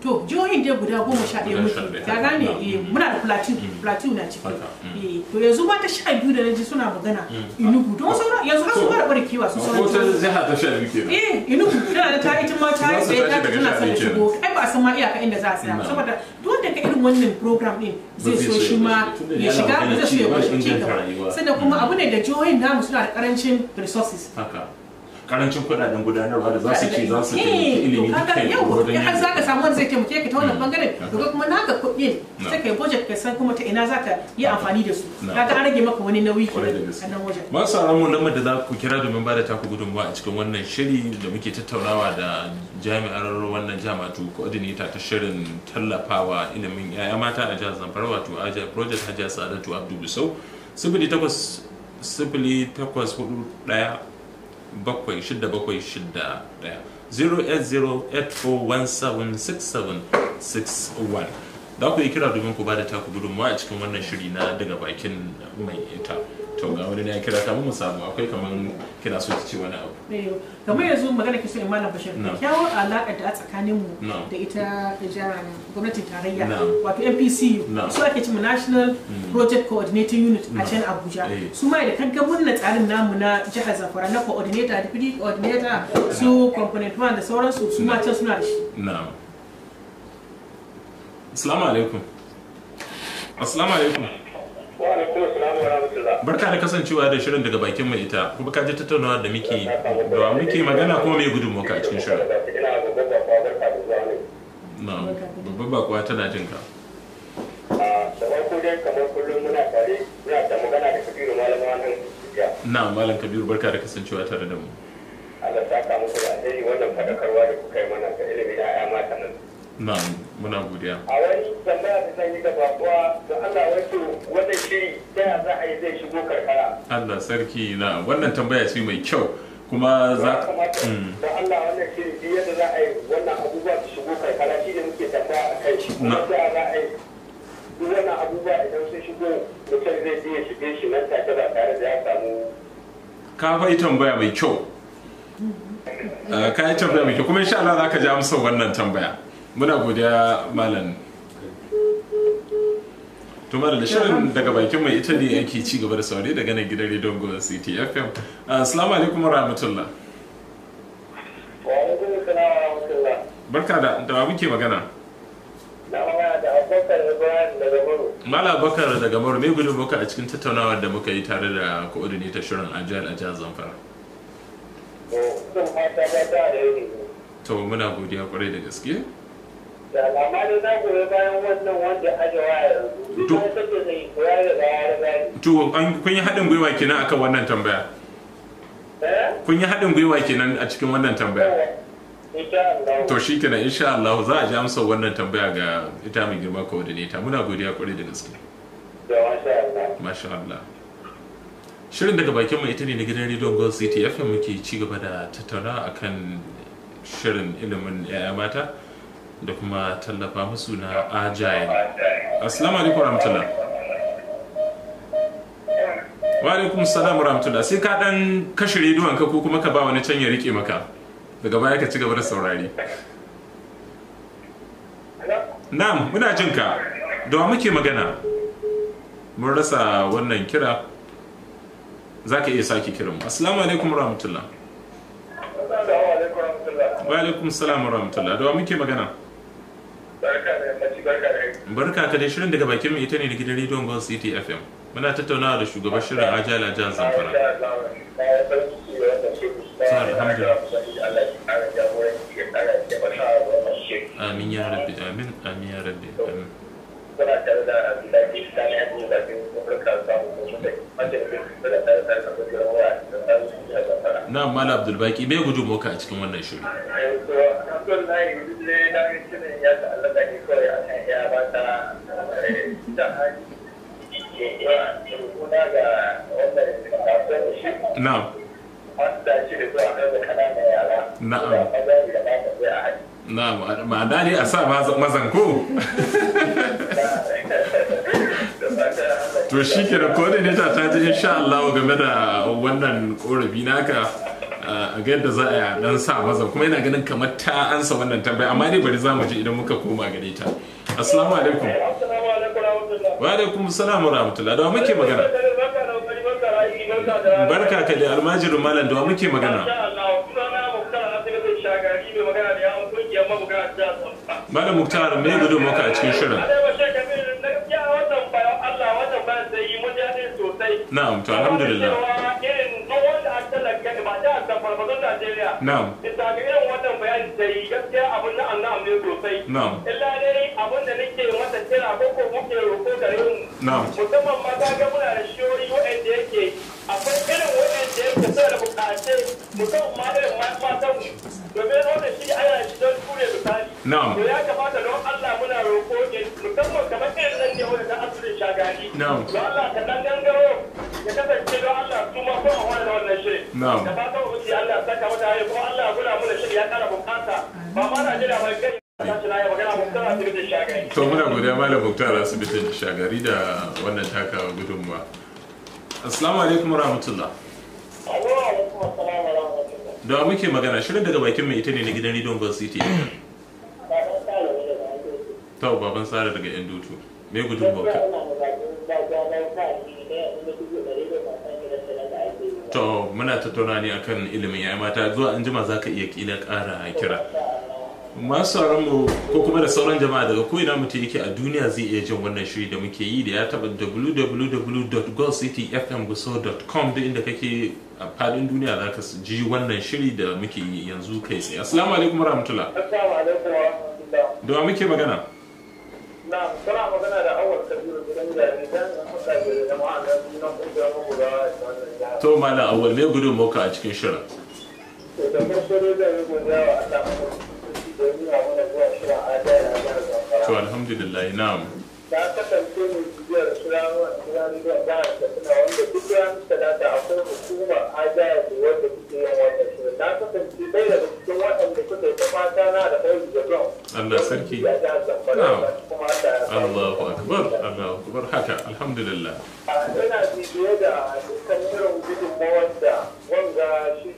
to jihohin dai guda goma sha ɗaya muke ka gane eh, mm. muna da plateau mm. plateau na ciki mm. eh, to yanzu ma ta sha biyu da naji suna magana inugu don sauran yanzu har su fara barkewa su sauran ko jiha ta sha biyu kenan eh inugu tana da ta ita ma ta yi ta tana son shigo ai ba san ma iyaka inda za a tsaya saboda duk da ka irin wannan program din zai so shi ma ya shiga zai so ya bashi ci gaba sannan kuma abu ne da jihohin namu suna da karancin resources karancin kudaden gudanarwa da za su ce za su taimaki eh, ilimi da kai wurin har za ka samu wanda zai taimake ka ta wannan hmm. bangaren daga kuma na ga kuɗin sai yi budget ka san kuma ta ina za ka yi amfani da su kaga an rage maka wani nauyi a nan wajen ma sauran mu lamar da za ku kira domin bada taku gudunmawa a cikin wannan shiri da muke tattaunawa da jami'ar wannan jami'atu coordinator ta shirin tallafawa ilimin 'ya'ya mata a jihar Zamfara wato Aja Project hajjar Sadatu Abdu bisau sifili takwas sifili takwas hudu daya bakwai shida bakwai shida six 08084176761 da ku yi kira domin ku ba da taku gudunmawa a cikin wannan shiri na daga bakin mai ita to ga wani ne kira ta mu samu akwai kaman kira so ki ce wani abu kamar yanzu magana ke so in malam bashir kyawun alaka da tsakanin mu da ita jihar gwamnatin tarayya wato npc su ake cewa National mm. Project Coordinating Unit a can Abuja eh. su ma da kankan na tsarin namu na jihar Zamfara na coordinator deputy coordinator su component one da sauransu su ma can suna da shi na'am assalamu alaikum assalamu alaikum barka da kasancewa da shirin daga bakin mai ita kuma ka ji tattaunawa da muke da muke magana kuma mai gudun muka a cikin shirin na babbar bakuwa tana jin ka na malam kabiru barka da kasancewa tare da mu Allah ta kamu da alheri wannan fadakarwa da kuka yi mana ga ilimin ya'ya mata nan na'am muna godiya a wani tambaya da zan yi da bakuwa da Allah wato wannan shiri da za a yi zai shigo karkara Allah sarki na wannan tambaya ce mai kyau kuma za ka mm. da Allah wannan shiri duk yadda za a yi wannan abubuwa su shigo karkara shi ne muke tafa a kai shi kuma za a yi wannan abubuwa idan sun shigo mutum zai je shige shi nan take ba tare da ya samu ka fai tambaya mai kyau mm-hmm. eh, ka yi tambaya mai kyau kuma insha Allah za ka ji amsar wannan tambaya muna godiya malam tumar da shirin daga bakin mai ita ne yake ci gaba da saurari daga nan gidan rediyon goza city fm ah, assalamu alaikum rahmatullah barka da da muke magana Mala Bakar daga Moro me gudun muka a cikin tattaunawar da muka yi tare da coordinator shirin Ajiyar a jihar Zamfara. To muna godiya kwarai da gaske. da amma dai yi bayan wannan wanda ajawa yanzu duk wanda take zai koya da baya da baya kun yi haɗin gwiwa kenan akan wannan tambaya eh? kun yi haɗin gwiwa kenan a cikin wannan tambaya to shi kenan insha Allah za a ji amsa wannan tambaya ga ita mai girma coordinator muna godiya kwarai da gaske masha Allah shirin daga bakin mai ita ne na gidan Radio Gold City FM muke ci gaba da tattaunawa akan shirin ilimin 'ya'ya mata da kuma tallafa musu na agile assalamu alaikum rahmatullah wa alaikum salam rahmatullah sai ka dan kashe rediyon ka ko kuma ka ba wani can ya rike maka daga baya ka ci gaba da saurari na'am muna jin ka da wa muke magana mun rasa wannan kira za ka iya sake kiran mu assalamu alaikum rahmatullah wa alaikum salam rahmatullah da wa muke magana barka ka dai shirin daga bakin mai ita ne da gidan rediyon Gold City FM muna tattaunawa da shugaban shirin Ajala Jan Zamfara amin ya rabbi amin amin ya rabbi amin muna tare da abdullahi ta ne yanzu da ke kofar kasuwa ko sosai mace da kuma da tare da kasuwa da rawa da tsarin su da zafara. na mala abdulbaki bai gudun moka a cikin wannan shirin. Eh, eh, na'am. a na ma'ana ne a sa mazan ko to shi ke da ne ta ta ji sha Allah game da wannan korafi naka a ah, ga yadda za a dan sa mazan kuma yana ganin kamar ta ansa wannan tambaya amma dai bari za mu ji idan muka koma gare ta assalamu alaikum wa alaikum salam wa rahmatullah da muke magana barka ka da almajirin malam da muke magana malam muktar me gudu maka a cikin shirin na'am to alhamdulillah na'am bisa ga irin wannan bayani da yi gaskiya abun na'am na'am ne sosai na'am illa dai abun da nake mata kira ko ko muke roko gare mu na'am musamman ma muna da shiyoyi yake akwai irin wa'anda yake sai da musamman ma irin matan mu domin wanda shi shi don ture misali to ya kamata don Allah muna roƙo ne musamman kamar irin nan ne wanda ta asirin shagari don Allah ka dan gangaro ya kasance don Allah su ma kuma wani wannan shirin da fata mu ci Allah saka wata hanyar kuma Allah muna muna shirin ya kara bukata ba ma Najeriya ba kai To muna godiya Malam Muktar asibitin shagari da wannan taka gudunmuwa. Assalamu alaikum warahmatullah. Assalamu alaikum da muke magana shirin daga bakin mai ita ne na gidan rediyon Gulf City tau baban tsara daga yan dutu me gudun bauta to muna tattauna ne akan ilimin ya mata zuwa an jima za ka iya kila ƙara kira masu mu ko kuma da sauran jama'a daga ko'ina mutum yake a duniya zai iya jin wannan shiri da muke yi da ya taba www.goldcityfmbuso.com duk inda kake a fadin duniya za ka ji wannan shiri da muke yi yanzu kai tsaye assalamu alaikum warahmatullah da wa muke magana na kuna magana da awar kabiru gidan jami'ai don haka da jama'a na sunan kungiyar mabugawa da wannan to mala awal me gudun moka a cikin shirin to da farko dai zai yi gudawa a samun to alhamdulillah na'am ta kasance mai jijiyar turawan turawan da ba da suna wanda duk ran talata akwai hukumar ajaya da wanda suke yin wannan shirin ta kasance ɗaya daga cikin waɗanda suka yi ta fata na da ɗaya da don Allah sarki Allahu akbar Allahu akbar haka alhamdulillah ina bibiye da dukkan irin gudunmawar da wanga shi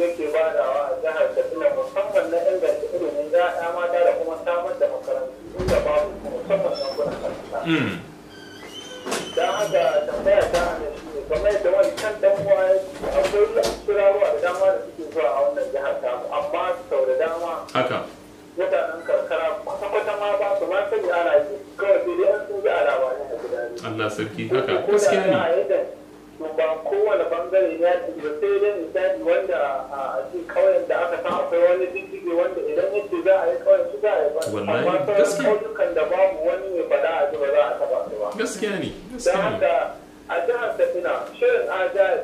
yake badawa a jihar katsina musamman na inganta ilimin ya'ya mata da kuma samar da makarantu da babu musamman na kuna kasa hmm. don haka tambaya ta ana shi ne kamar yadda wani can dan uwa akwai kiraruwa da dama da suke zuwa a wannan jihar ta mu amma sau da dama haka mutanen karkara kwata-kwata ma ba su ma sani ana yi kawai sai dai an sun ji a labarin a gida ne Allah sarki haka gaskiya ne to ba kowane bangare ya ci ba sai dai misali wanda a cikin kauyen da aka san akwai wani diddige wanda idan ya ce za a yi kauyen su za a yi ba amma sauran kauyukan da babu wani mai faɗa a ji ba za a taɓa su ba gaskiya ne gaskiya ne da a jihar Katsina shirin ajiyar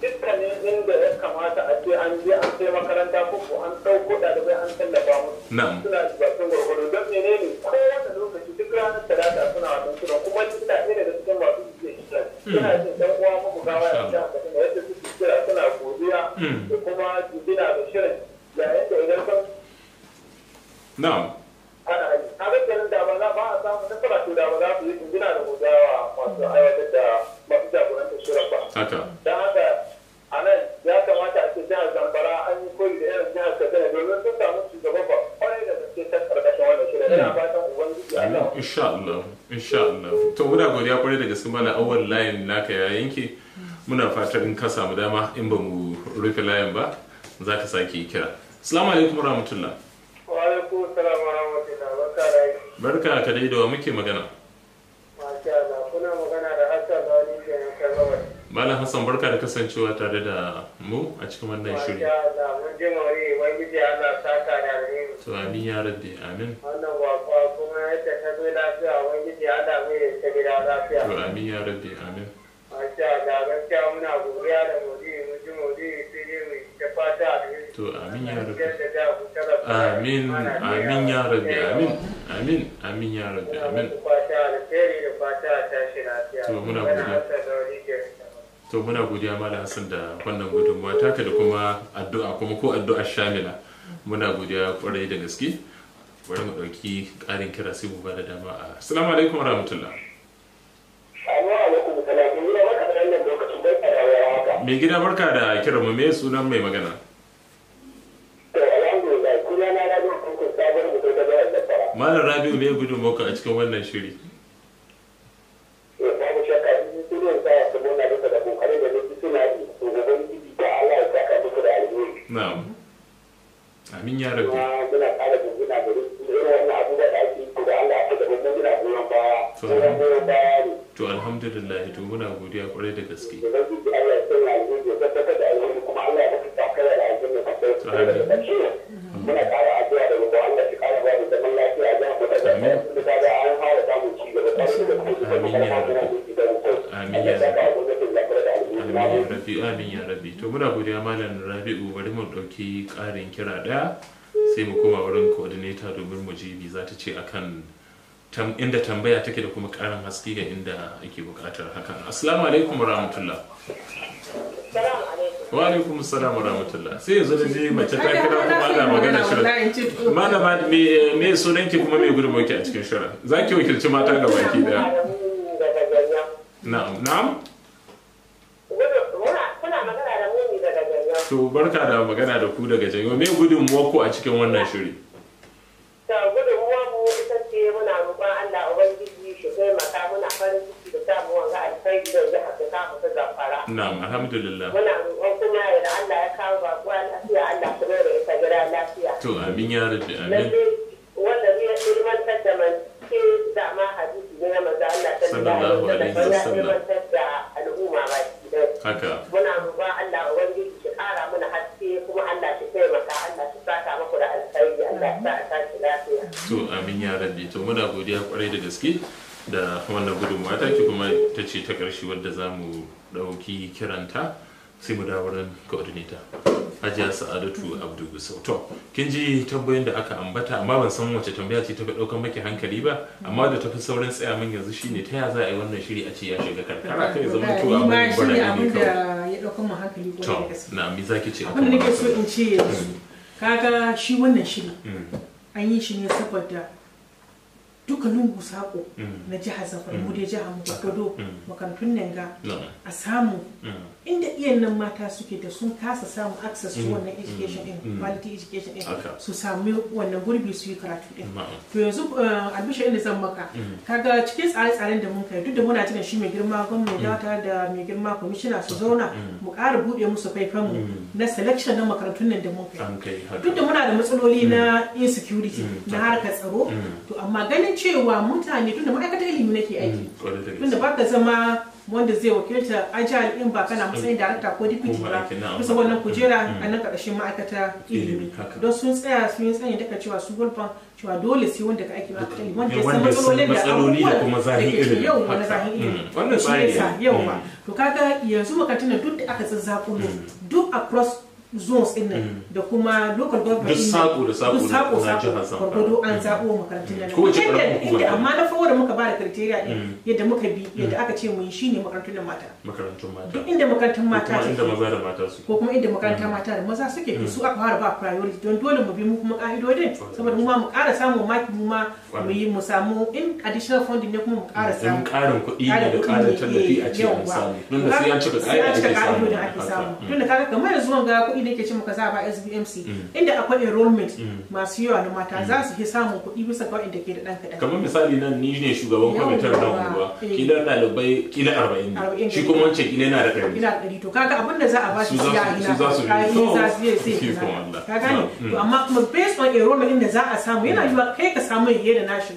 dukkanin inda ya kamata a ce an je an sai makaranta ko ko an ɗauko ɗalibai an tallafa musu suna bakin gwargwaro don menene kowane lokaci duk ranar talata suna wannan suna kuma ina ɗaya daga cikin masu suna hmm. jin dan uwa mabukawa ya ta mutum da yadda suke kira suna godiya hmm. da kuma jibina da shirin yayin da idan kan na'am ana aiki a gaskiyar da ba za ba a samu nasara to da ba za su yi jibina da godiya wa masu aiwatar da masu jagorantar shirin ba haka don haka a nan ya kamata a ce jihar zamfara an yi koyi da irin jihar kaduna domin sun samu shugaba ba ya to muna godiya kwarai da gaske mana awal layin naka ya yanke muna fatar in ka samu dama in ba mu rufe layin ba za ka sake kira assalamu alaikum warahmatullah wa barka da barka ka dai da muke magana Hassan barka da kasancewa tare da mu a cikin wannan shiri. To amin ya rabbi amin. Wannan wakwa kuma yadda ta zo lafiya ubangiji Allah mai ta gida lafiya. To amin ya rabbi amin. Masha da, gaskiya muna godiya da modi mu ji modi sai dai mu ta fata alheri. To amin ya rabbi. Amin amin ya rabbi amin amin amin ya rabbi amin. Fata alheri da fata shi lafiya. To muna godiya. to muna godiya malam hassan da wannan ta taka da kuma addu'a kuma ko addu'a shamila muna godiya kwarai da gaske bari mu ɗauki ƙarin kira sai mu bada dama a assalamu alaikum warahmatullah mai gida barka da kiran mu me sunan mai magana malam rabiu gudun gudunmawa a cikin wannan shiri godiya kwarai da gaske amin ya rabi to muna godiya malam rabi'u bari mu ɗauki ƙarin kira ɗaya sai mu koma wurin coordinator domin mu ji za ta ce akan inda tambaya take da kuma karin haske ga inda ake bukatar hakan assalamu alaikum rahmatullah wa alaikum assalam wa rahmatullah sai yanzu da ji mace ta kira kuma ana magana shirin malama me me sunan ki kuma me gurbin ki a cikin shirin zaki wakilci mata ga baki daya na'am na'am to barka da magana da ku daga janyo me gudunmuwa ku a cikin wannan shiri ta gudunmuwa mu ita ce muna ubangiji shi mata muna farin ciki da samuwa ga alkhairi da jihar da samu ta zamfara. Na'am alhamdulillah. Muna roƙon kuma da Allah ya kawo baƙuwa lafiya Allah kuma da ita gida lafiya. To amin ya rabbi amin. Wanda zai ilmantar da manke da ma hadisi ne na maza Allah ta da ilmantar da al'umma ba. Haka. to muna godiya kwarai da gaske da wannan gudunmawa ta ki kuma ta ce ta ƙarshe wadda za mu ɗauki kiranta sai mu dawo coordinator hajiya sa'adatu abdu gusau to kin ji tambayoyin da aka ambata amma ban san wace tambaya ce ta fi ɗaukar maki hankali ba amma da tafi sauran tsaya min yanzu shine ta ya za a yi wannan shiri a ce ya shiga karkara kai zama tuwa a mai bara ne kawai ya ɗaukar mu hankali ko na mi zaki ce abin da nake so in ce yanzu mm. kaga shi wannan shiri mm. an yi shi ne saboda dukkanin gusako mm. na jihar zamfara mu dai jihar mu gado mm. makarantun a samu mm. inda iyan nan mata suke da sun kasa samun access to mm. wannan education din mm. Mm. quality education din su sami wannan gurbi su yi karatu din to yanzu eh, albishir inda zan maka kaga cikin tsare-tsaren da mun kai duk da muna tunan shi mai girma gwamnati da wata da mai girma kwamishina su zauna mu kara buɗe musu faifan mu na selection na makarantun nan da mun kai duk da muna da matsaloli na insecurity na harkar tsaro to amma ganin cewa mutane tunda ma'aikatar ilimi nake aiki tunda ba ka zama wanda zai wakilta ajiyar in ba kana matsayin darakta ko dipiti ba bisa wannan kujera mm. a nan karshen ma'aikata ilimi don sun tsaya sun yi tsayin daga cewa su gulfan cewa dole sai wanda ka aiki ma'aikata ilimi wanda ya san matsalolin da abubuwan da ke yau wani zahin ilimi mm. wannan tsari yau ma mm. to kaga yanzu makarantun duk da aka zazzaƙo duk across zones ɗin nan mm. da kuma local government ɗin sako da sako duk sako sako gwargwado an mm. zaɓo makarantun nan ko ce da amma na fawo da muka ba da criteria ɗin mm. yadda muka bi yadda aka ce mun shine makarantun nan mata makarantun mata duk inda makarantun mata take inda maza da mata su ko kuma inda makaranta mata da maza suke su aka fara ba priority don dole mu bi mu kuma ka'idodin saboda mu ma mu ƙara samun maki mu ma mu yi mu samu in additional funding ne kuma mu ƙara samu ƙarin kuɗi ne da ƙarin tallafi a ce an samu don da sai an cika ka'idodin ake samu don da kaga kamar yanzu ga kuɗi kuɗi ne ke ce maka za a ba SBMC mm. inda akwai enrollment mm. masu yawa na mata mm. za su fi samun kuɗi bisa ga wanda ke da ɗan kaɗan. Kamar misali nan ni ne shugaban kwamitin na unguwa eh. kila ɗalibai kila arba'in shi kuma wancan kila yana da ɗari. Kila ɗari to kaga abinda za a ba shi siya a na Su za su yi sai <laughs> ka gane to amma kuma based on enrollment inda za a samu yana yiwa kai ka samu yadda na shi.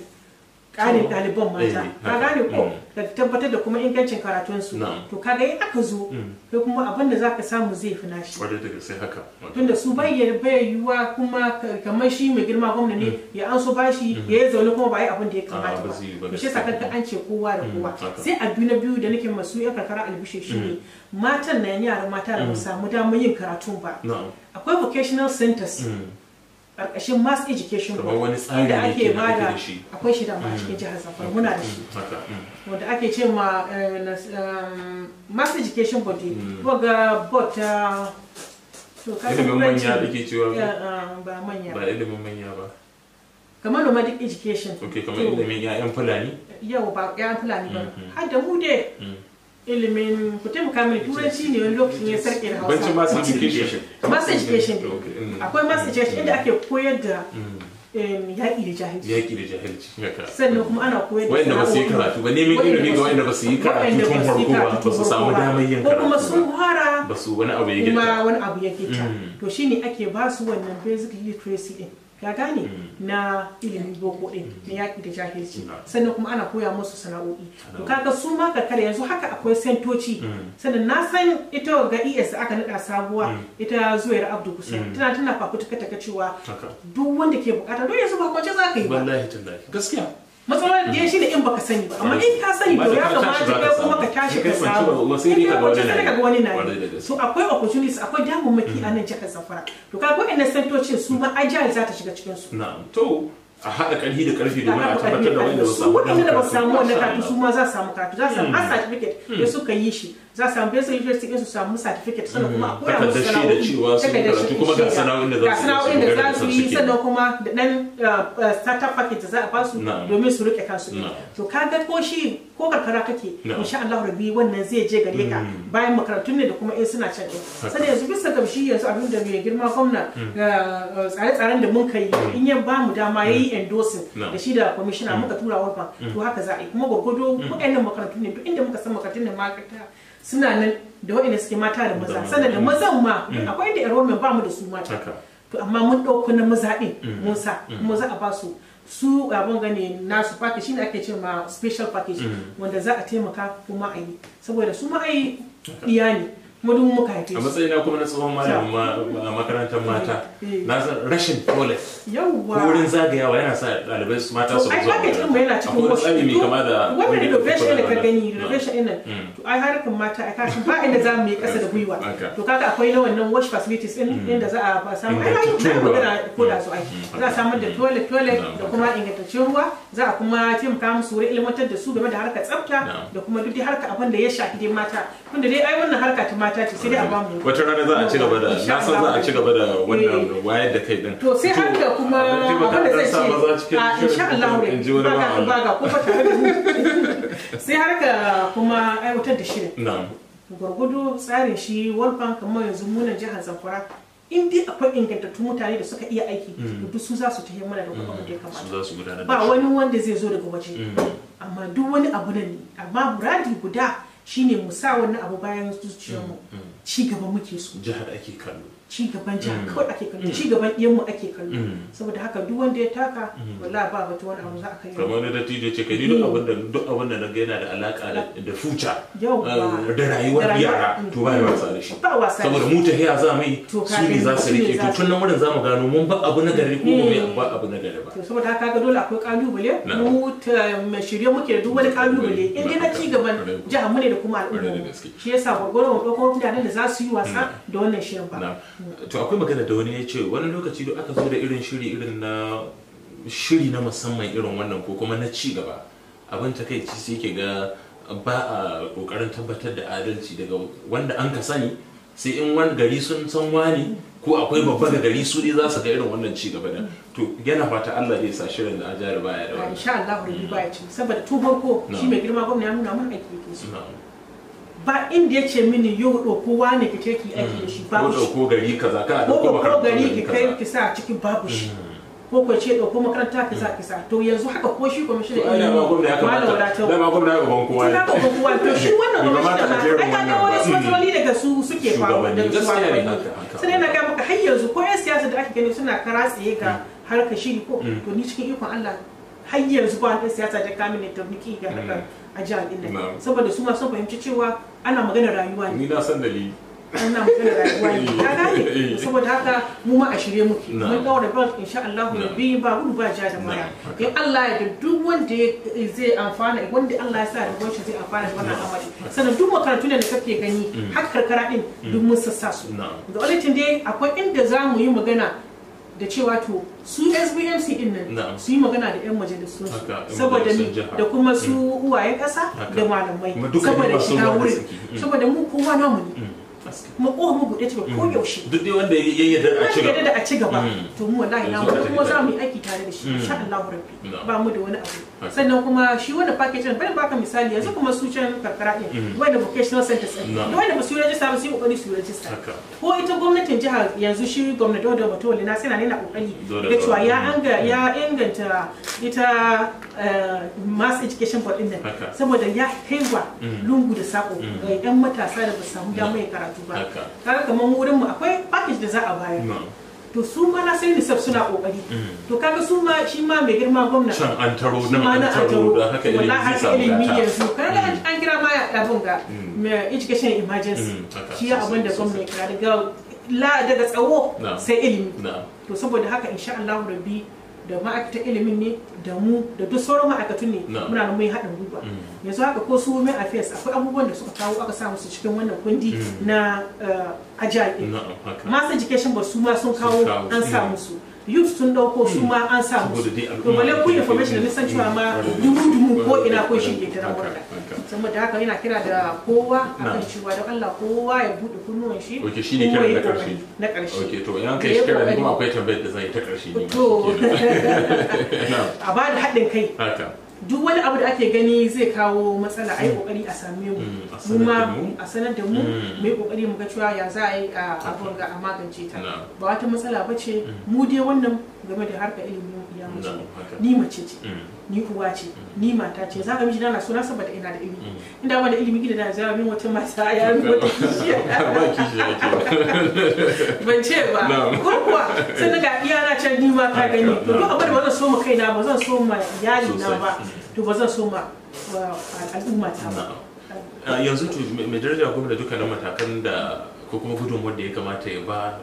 kare ɗaliban mata eh, ka gane ko da mm. tabbatar da kuma ingancin karatun su, to kaga ga aka zo mm. kai kuma abin da zaka samu zai fi nashi wadda daga sai haka tunda su bayyana bayyuwa kuma kamar shi mai girma gwamna ne mm. ya an so bashi ya yi zaune kuma ba yi abin da ya kamata ba shi sakan ta an ce kowa da kowa sai a na biyu da nake masu yan karkara albishe shi ne matan na yaran mata da ba samu damar yin karatu ba akwai vocational centers karkashin mass education board da ake ba da akwai shi da ma a mm. cikin jihar mm, zamfara muna da mm, shi wanda ake ce ma eh, eh, mass education body ko ga board ta to ka ilimin manya da ke cewa ba uh, manya ba ilimin manya ba kamar nomadic education ok kamar ilimin ya'yan fulani yau ba ya'yan fulani ba har da mu dai ilimin ku taimaka mini turanci ne wani lokacin ya sarki da hausa bancin mass education mass education mm. akwai mass education inda ake koyar da mm. yaƙi da jahilci yaƙi da jahilci sannan kuma ana koyar da wanda ba su yi karatu ba neman ilimi ga wanda ba su yi karatu tun farko ba ba su samu damar yin karatu kuma sun fara ba su wani abu ya gita kuma wani abu ya gita mm. to shine ake ba su wannan basic literacy din ya gane hmm. na ilimin boko din na hmm. yaki da jahilci hmm. sannan kuma ana koya musu sana'o'i to kaga su ma ka kare yanzu haka akwai sentoci sannan na san ita ga ES aka nada sabuwa ita zuwayar Abdu Kusan tana tana fafutuka ta cewa duk wanda ke bukata don yanzu ba kwace za ka yi ba wallahi tallahi gaskiya matsalar da shi ne in baka sani ba amma in ka sani to ya kamata kai kuma ka tashi ka samu sai dai ka ga wani na yi so akwai opportunities akwai damammaki a nan cikin safara to ka ga wa'annan santocin su ma ajiyar za ta shiga cikin su na'am to a haɗa ƙarfi da ƙarfi domin a tabbatar da wanda ba su samu wannan karatu su ma za su samu karatu za su samu har mm. certificate da suka yi shi za su samu basic literacy din su samu certificate sannan kuma a koya musu sana'o'i kuma ga sana'o'in da za su yi sannan kuma da dan eh, eh, startup package da za a ba su domin su rike kansu to ka ga ko shi ko karkara kake insha Allah rabbi wannan zai je gare ka mm. bayan makarantun ne da kuma in suna can din sannan yanzu bisa ga shi yanzu abin da mai girma gwamna mm. eh, tsare-tsaren da mun kai mm. in ya ba mu dama yayi endorsing da shi da commissioner muka tura wa to haka za a yi kuma gwargwado waɗannan makarantun ne duk inda muka san makarantun ne ma suna nan da waɗanda suke mata da maza sannan da mm. mazan ma mm. akwai da yarwa mai ba mu da su mata to amma mun ɗauko na maza ɗin mm. mun sa kuma za a ba su su abin gane nasu package shine ake ce ma special package wanda za a taimaka kuma a yi saboda su ma ai iya ne kuma duk muka haife a matsayina kuma na tsohon malamin a makarantar mata eh. na san rashin toilet yawwa wurin zagayawa yana sa dalibai su mata su zuwa ai haka mai yana cikin wasu tsari mai kama da wannan renovation da ka gani renovation nan. Mm. to ai harkar mata ai kashi ba inda za mu yi ƙasa da gwiwa to kaga akwai na wannan wash facilities ɗin mm. inda za a samu ai ai na magana ko da su ai mm. za a samar da toilet toilet da kuma ingantaccen ruwa za a kuma taimaka musu wurin ilmantar da su game da harkar tsafta da kuma duk dai harkar abin da ya shafi dai mata tunda dai ai wannan harka ta mata mata ce sai dai a ba mu wata rana za a ci gaba da na san za a ci gaba da wannan eh. wayar da kai din to sai har da kuma abin da zai ce a ah, insha Allah ne ba ga ba ga kuma tare da mu <laughs> sai har ka kuma aiwatar da shirin na'am gurgudu tsarin shi world bank kamar yanzu munan jihar zamfara in dai akwai ingantattun mutane da suka iya aiki mm. to duk su za su tafi mana da kuma abin da ya mm. kamata ba wani wanda zai zo daga waje mm. amma duk wani abu ne amma buradi guda shine mu sa wannan abu bayan zuciyarmu mm, mm. ci gaba muke so jihar ake kallo ci gaban jihar mm. kawai ake kallo mm. ci gaban mu ake kallo mm. saboda haka duk wanda ya taka wallahi ba bata wani abu za a kai kamar da tije ce kai duk eh. abin da duk abin da naga yana da alaka da fuca um, da rayuwar yara to ba ya wasa da shi saboda mu ta hiya za mu yi su ne za su rike to tun nan wurin za mu gano mun ba abu na gari ko mu eh. ba abu na gari ba to saboda haka ga dole akwai kalubale mu ta shirye muke da duk wani kalubale in dai na ci gaban jihar mu ne da kuma al'umma shi yasa gwagwarmu ɗaukar mutanen da za su yi wasa da wannan shirin ba to akwai magana da wani ya ce wani lokaci duk aka zo da irin shiri irin na shiri na musamman irin wannan ko kuma na ci gaba abin takaici sai ke ga ba a kokarin tabbatar da adalci daga wanda an ka sani sai in wani gari sun san wani ko akwai babba da gari su za su ga irin wannan ci gaba da to yana fata Allah zai sa shirin da ajiyar baya da wani insha Allah rubi baya ci saboda ko shi mai girma gwamnati ya nuna mun aiki yake ba inda ya ce mini yau ɗauko wani ki ce ki mm. aiki da shi babu shi ko gari kaza ka ɗauko makaranta gari ki kai ki sa cikin babu shi mm. ko ko ce ɗauko makaranta ki sa mm. ki sa to yanzu haka ko shi kwamishinan ilimi gwamna ya da ma gwamna ya ban kowa ya ban kowa to shi wannan gwamnati ma ai ka ga wani matsaloli daga su suke faruwa da su sai na ga maka har yanzu ko ai siyasa da ake gani suna kara tsaye ga harkar shiri ko to ni cikin ikon Allah har yanzu ba ɗin siyasa ta kame ne ta niki ga mm. a jihar inda saboda su masu fahimci cewa ana magana rayuwa ne ni na san dalili ana magana rayuwa ne <laughs> eh. ka gane eh. saboda haka mu ma a shirye muke mun daura belt insha Allah da bi ba mu ba ja da mara in Allah ya duk wanda zai amfana wanda Allah ya sa da shi zai amfana da wannan amari sannan duk makarantu ne da kake gani mm. har karkara din duk mun sassa su ga wani tunde akwai inda za mu yi magana da cewa to su sbmc din nan su yi magana da 'yan majalisun su saboda ni da kuma su mm. uwayen kasa da malamai saboda shiga wurin mm. saboda mu kowa namu ne mm. kuma kowa mu buɗe take ko mm. yaushe duk dai wanda ya yarda a ci gaba da a ci gaba mm. to mu wallahi na mu kuma za mu yi aiki tare da shi mm. insha Allah rabbi ba mu da wani abu sannan kuma shi wannan package din bari baka misali yanzu kuma su can karkara din wanda vocational centers din wanda ba su rajista ba su yi kokari su rajista ko ita gwamnatin jihar yanzu shi gwamnati wanda ba tole na sai na kokari da cewa ya ya inganta ita eh, mass education board din nan saboda ya kaiwa lungu da sako ga yan matasa da ba samu damar karatu karatu ba kaga kamar wurin mu akwai package da za a bayar to su ma na sai nisab suna kokari mm. to kaga su ma shi ma mai girma gwamna shan an taro na an taro da haka ilimi haka ne ilimi yanzu kaga mm. an kira ma ya abun ga mm. education emergency shi ya abin da gwamna ya kira daga la daga tsaro sai ilimi to saboda haka insha Allah rabbi da ma'aikata ilimin ne da mu da duk sauran ma'aikatu ne muna da mun haɗin gwiwa mm. yanzu haka ko su women affairs akwai abubuwan da suka kawo aka samu su cikin wannan kundi mm. na eh, agile mass education ba su ma sun kawo an samu su youth sun dauko su hmm. ma an sa musu to wale kun information ne san cewa ma dubu hmm. dubu ko ina hmm. ko shi ke tana wanda saboda haka yana kira da kowa a kan cewa don Allah kowa ya bude kunnuwan shi oke shine kira na karshe na karshe oke to yan kai shi kira kuma akwai tambayar da zan yi ta karshe ne to <laughs> a ba da haɗin kai haka duk wani abu da ake gani zai kawo matsala a yi kokari hmm. a same mu hmm, mu a sanar da mu hmm. mu yi kokari mu ga cewa ya za a yi a a magance ta ba wata matsala ba ce mu dai wannan game da harkar ilimin ya mace ni mace ce mm. ni uwa ce mm. ni mata ce za ka miji na suna saboda ina da ilimi mm. inda ba da ilimi gida da za min wata mata ya min wata <laughs> kishiya <laughs> ban ce ba ko kuwa sai na ga iya na can ni ma ka gani to duk abin da ba zan so ma kaina ba zan so ma iyali na ba to ba zan so ma uh, al'umma ta ba uh, yanzu to mai daraja gwamnati dukkanin matakan da ko kuma gudunmuwar da ya kamata ya ba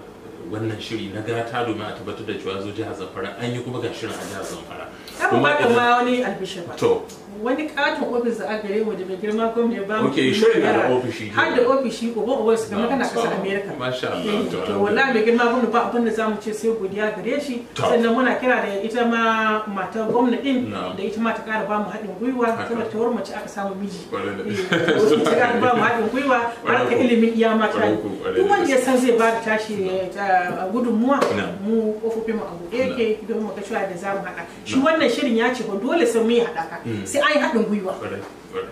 wannan shiri na gata domin a tabbatar da cewa zo jihar zamfara an yi kuma ga shirin a jihar zamfara kuma ma wani albishir to wani katon ofis da aka gare mu mai girma ko mai ba mu okay shirin da ofishi har da ofishi ko ba kamar kana kasar america masha Allah eh, to wallahi mai girma gwamnati ba abin da zamu ce sai godiya gare shi sannan muna kira da ita ma matar gwamnati din da ita ma ta kara ba mu haɗin gwiwa kuma ta warma ci aka samu miji ta kara ba mu haɗin gwiwa har ka ilimi iya mata kuma ya san zai ba da tashi gudunmuwa mu kofofin mu a buɗe yake don mu ga cewa da zamu haɗa shi wannan shirin ya ce dole sai mu yi haɗaka mm. sai ai haɗin gwiwa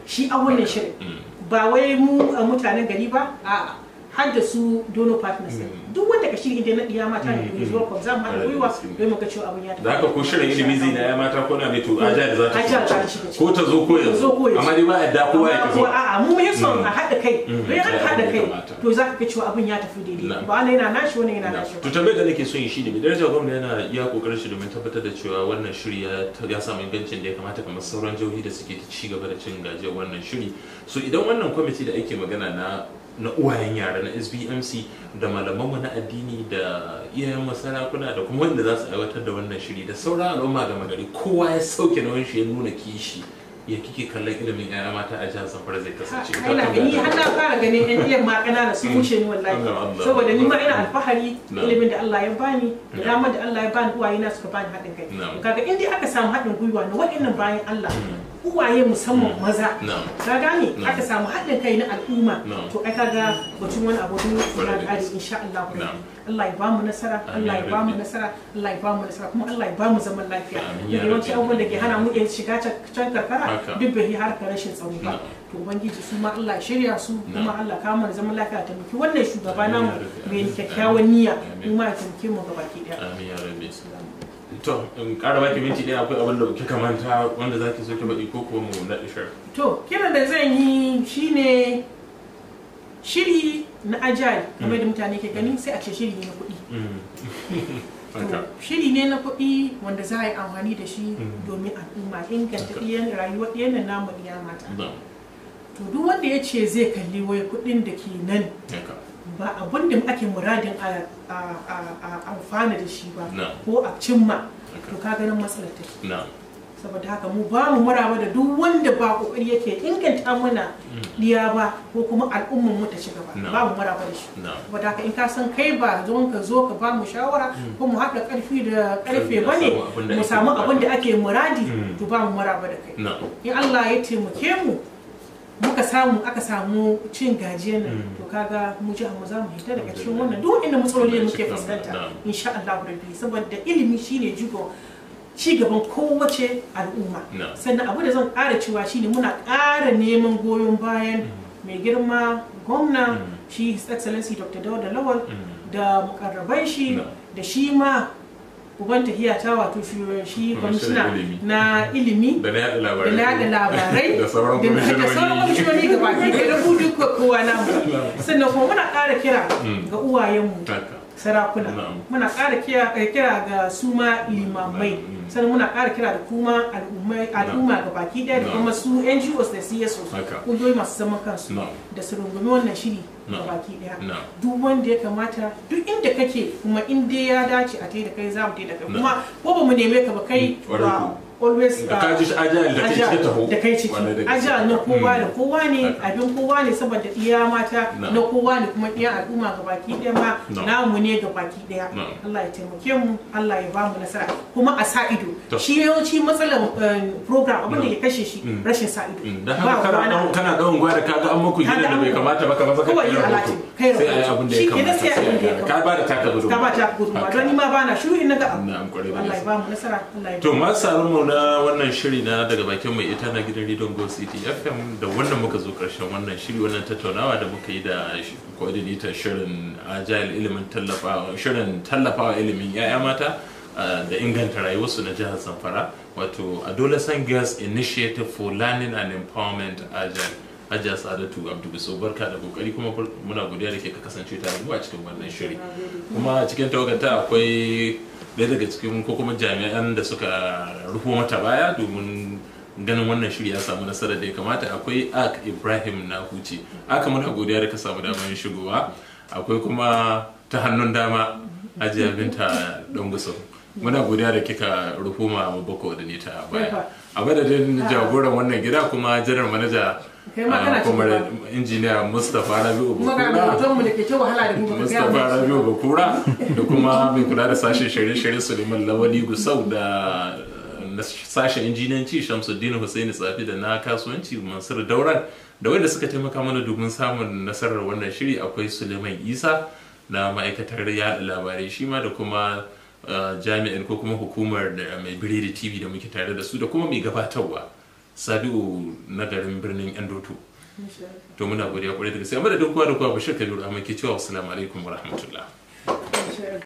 shi a wannan shirin mm. ba wai mu mutanen gari ba a'a har da su dono partners mm. duk wanda ka shirya na ɗiya mata ne ku zuwa kwam zamu haɗa gwiwa don maka cewa abin ya tafi. Da ka ko shirin ilimi zai na ya mata ko na ne to aja da za ta shiga ko ta zo ko ya zo amma dai ba a da kowa ya kafa. A'a mu mun son a haɗa kai mm-hmm. don an haɗa kai to za ka ga cewa abin ya tafi daidai ba wani yana nashi wani yana nashi. To tambayar da nake son yi shi ne darajar gwamna yana iya kokarin shi domin tabbatar da cewa wannan shiri ya samu ingancin da ya kamata kamar sauran jihohi da suke ci gaba da cin gajiyar wannan shiri so idan wannan kwamiti da ake magana na na uwayen yara na sbmc da malamanmu na addini da iyayen masarakuna da kuma wanda za su aiwatar da wannan shiri da sauran al'umma gama gari kowa ya sauke nauyin shi ya nuna kishi ya kike kallon ilimin yaya mata a jihar zamfara zai kasance ina gani har na fara ganin yan iyan ma kanana su wuce ni wallahi saboda ni ma ina alfahari ilimin da Allah ya bani da da Allah ya bani uwaye na suka bani haɗin kai kaga in dai aka samu haɗin gwiwa na wa'annan bayan Allah mm. uwaye musamman mm. maza ka gane aka samu haɗin kai na al'umma to ai kaga batun wani abokin ya kare insha Allah Allah ya ba mu nasara Allah ya ba mu nasara Allah ya ba mu nasara kuma Allah ya ba mu zaman lafiya da yawanci abubuwan da ke hana mu shiga can karkara duk bai ka rashin tsaro ba to ubangiji su ma Allah shirya su kuma Allah kama da zaman lafiya ta miki wannan shugaba namu mai kyakkyawan niyya kuma ya taimake mu gaba ki daya amin ya rabbi to in ƙara baki minti ɗaya akwai abin da kika manta wanda zaki so ki baɗi ko kuma mu na ishar to kiran da zan yi shine shiri na ajali mm. kamar da mutane ke gani sai a ce shiri ne na kuɗi mm. <laughs> shiri ne na kuɗi wanda za a yi amfani da shi mm. domin al'umma inganta rayuwar ɗiyan namu ɗiya mata to duk wanda ya ce zai kalli wai kuɗin da ke nan ba abin da ake muradin a amfana da shi ba ko a cimma to ka ganin matsalar ke saboda haka mu ba mu maraba da duk wanda ba kokari yake inganta mana. liya mm. ba ko kuma al'ummar mu ta shiga ba. ba mu maraba da shi saboda haka in ka san kai ba zon ka zo ka ba mu shawara mm. ko mu haɗa karfi da ƙarfe ba ne mu samu abin da ake muradi mm. to ba mu maraba da kai in Allah ya taimake mu muka samu aka samu cin gajiyar nan hmm. to kaga mu ji mu za mu hita daga cikin wannan duk wanda matsaloli muke fuskanta insha Allah rabbi saboda ilimi shine jigo ci gaban kowace al'umma sannan abu da zan ƙara cewa shine muna ƙara neman goyon bayan hmm. mai girma gwamna shi hmm. his excellency dr dauda lawal da mukarrabai shi da shi ma uban tahiya ta wato shi kwamishina na ilimi da na da labarai da sauran kwamishinoni ga baki da rubu ko kowa na mu sannan kuma muna ƙara kira hmm. ga uwayenmu sarakuna muna ƙara kira eh, ga suma limamai hmm. sannan muna ƙara kira da kuma al'umma ga baki ɗaya da kuma su ngos da csos ƙungiyoyi masu zaman kansu da su rungumi wannan shiri baki daya duk wanda ya kamata duk inda kake kuma in dai ya dace a tai da kai za mu tai kai kuma ko ba mu neme ka ba kai ba always ka ji uh, ajal da kai taho da kai ciki ajal na kowa da kowa ne hmm. abin kowa ne saboda iya mata na kowa ne kuma iya al'umma ga baki ɗaya ma namu ne ga baki ɗaya Allah ya taimake mu Allah ya ba mu nasara kuma a sa ido shi yawanci matsalar um, program abin da ya kashe shi hmm. rashin sa ido hmm. da haka kana dawon gwada kaga an muku gidan da bai kamata ba ka masa kai rahoto sai ayi abin da ya kamata ka ba da taka gudunmawa ka ba ta gudunmawa don ni ma bana shiru in naga abu Allah ya ba mu nasara Allah ya to masu na wannan shiri na daga bakin mai ita na gidan Ridon Go City FM da wannan muka zo karshen wannan shiri wannan tattaunawa da muka yi da coordinator shirin Agile ilimin tallafawa shirin tallafawa ilimin yaya mata ah, da inganta rayuwarsu na jihar Zamfara wato Adolescent Girls Initiative for Learning and Empowerment Agile Hajiya Sadatu Abdu barka da kokari kuma muna godiya da ke kasance tare a cikin wannan shiri kuma cikin tawagata akwai ɗaya daga cikin ko kuma jami'an da suka rufo mata baya domin ganin wannan shiri ya samu nasarar da ya kamata akwai ak ibrahim na huce aka muna godiya da ka samu damar shigowa akwai kuma ta hannun dama ajiya binta gusa muna godiya da kika rufuma mabako da ni ta baya a madadin jagoran wannan gida kuma janar manaja kai ma ah, kana kuma injiniya Mustapha Rabi'u Bakura kuma ga mutum mu da ke ta wahala da mu Mustapha Rabi'u Bakura da kuma mai kula da sashen shirye-shirye Suleiman Lawali Gusau da eh, na sashen injiniyanci Shamsuddin Hussein Tsafi da na kasuwanci Mansur Dauran da wanda suka taimaka mana domin samun nasarar wannan shiri akwai Suleiman Isa na ma'aikatar yaɗa labarai shi ma da kuma eh, jami'in ko kuma hukumar da eh, mai biredi tv da muke tare da su da kuma mai gabatarwa sadu na garin birnin endoto to muna godiya kwarai da gaske amma da dukwa da kwa bashir kabiru amma ke cewa assalamu alaikum wa rahmatullah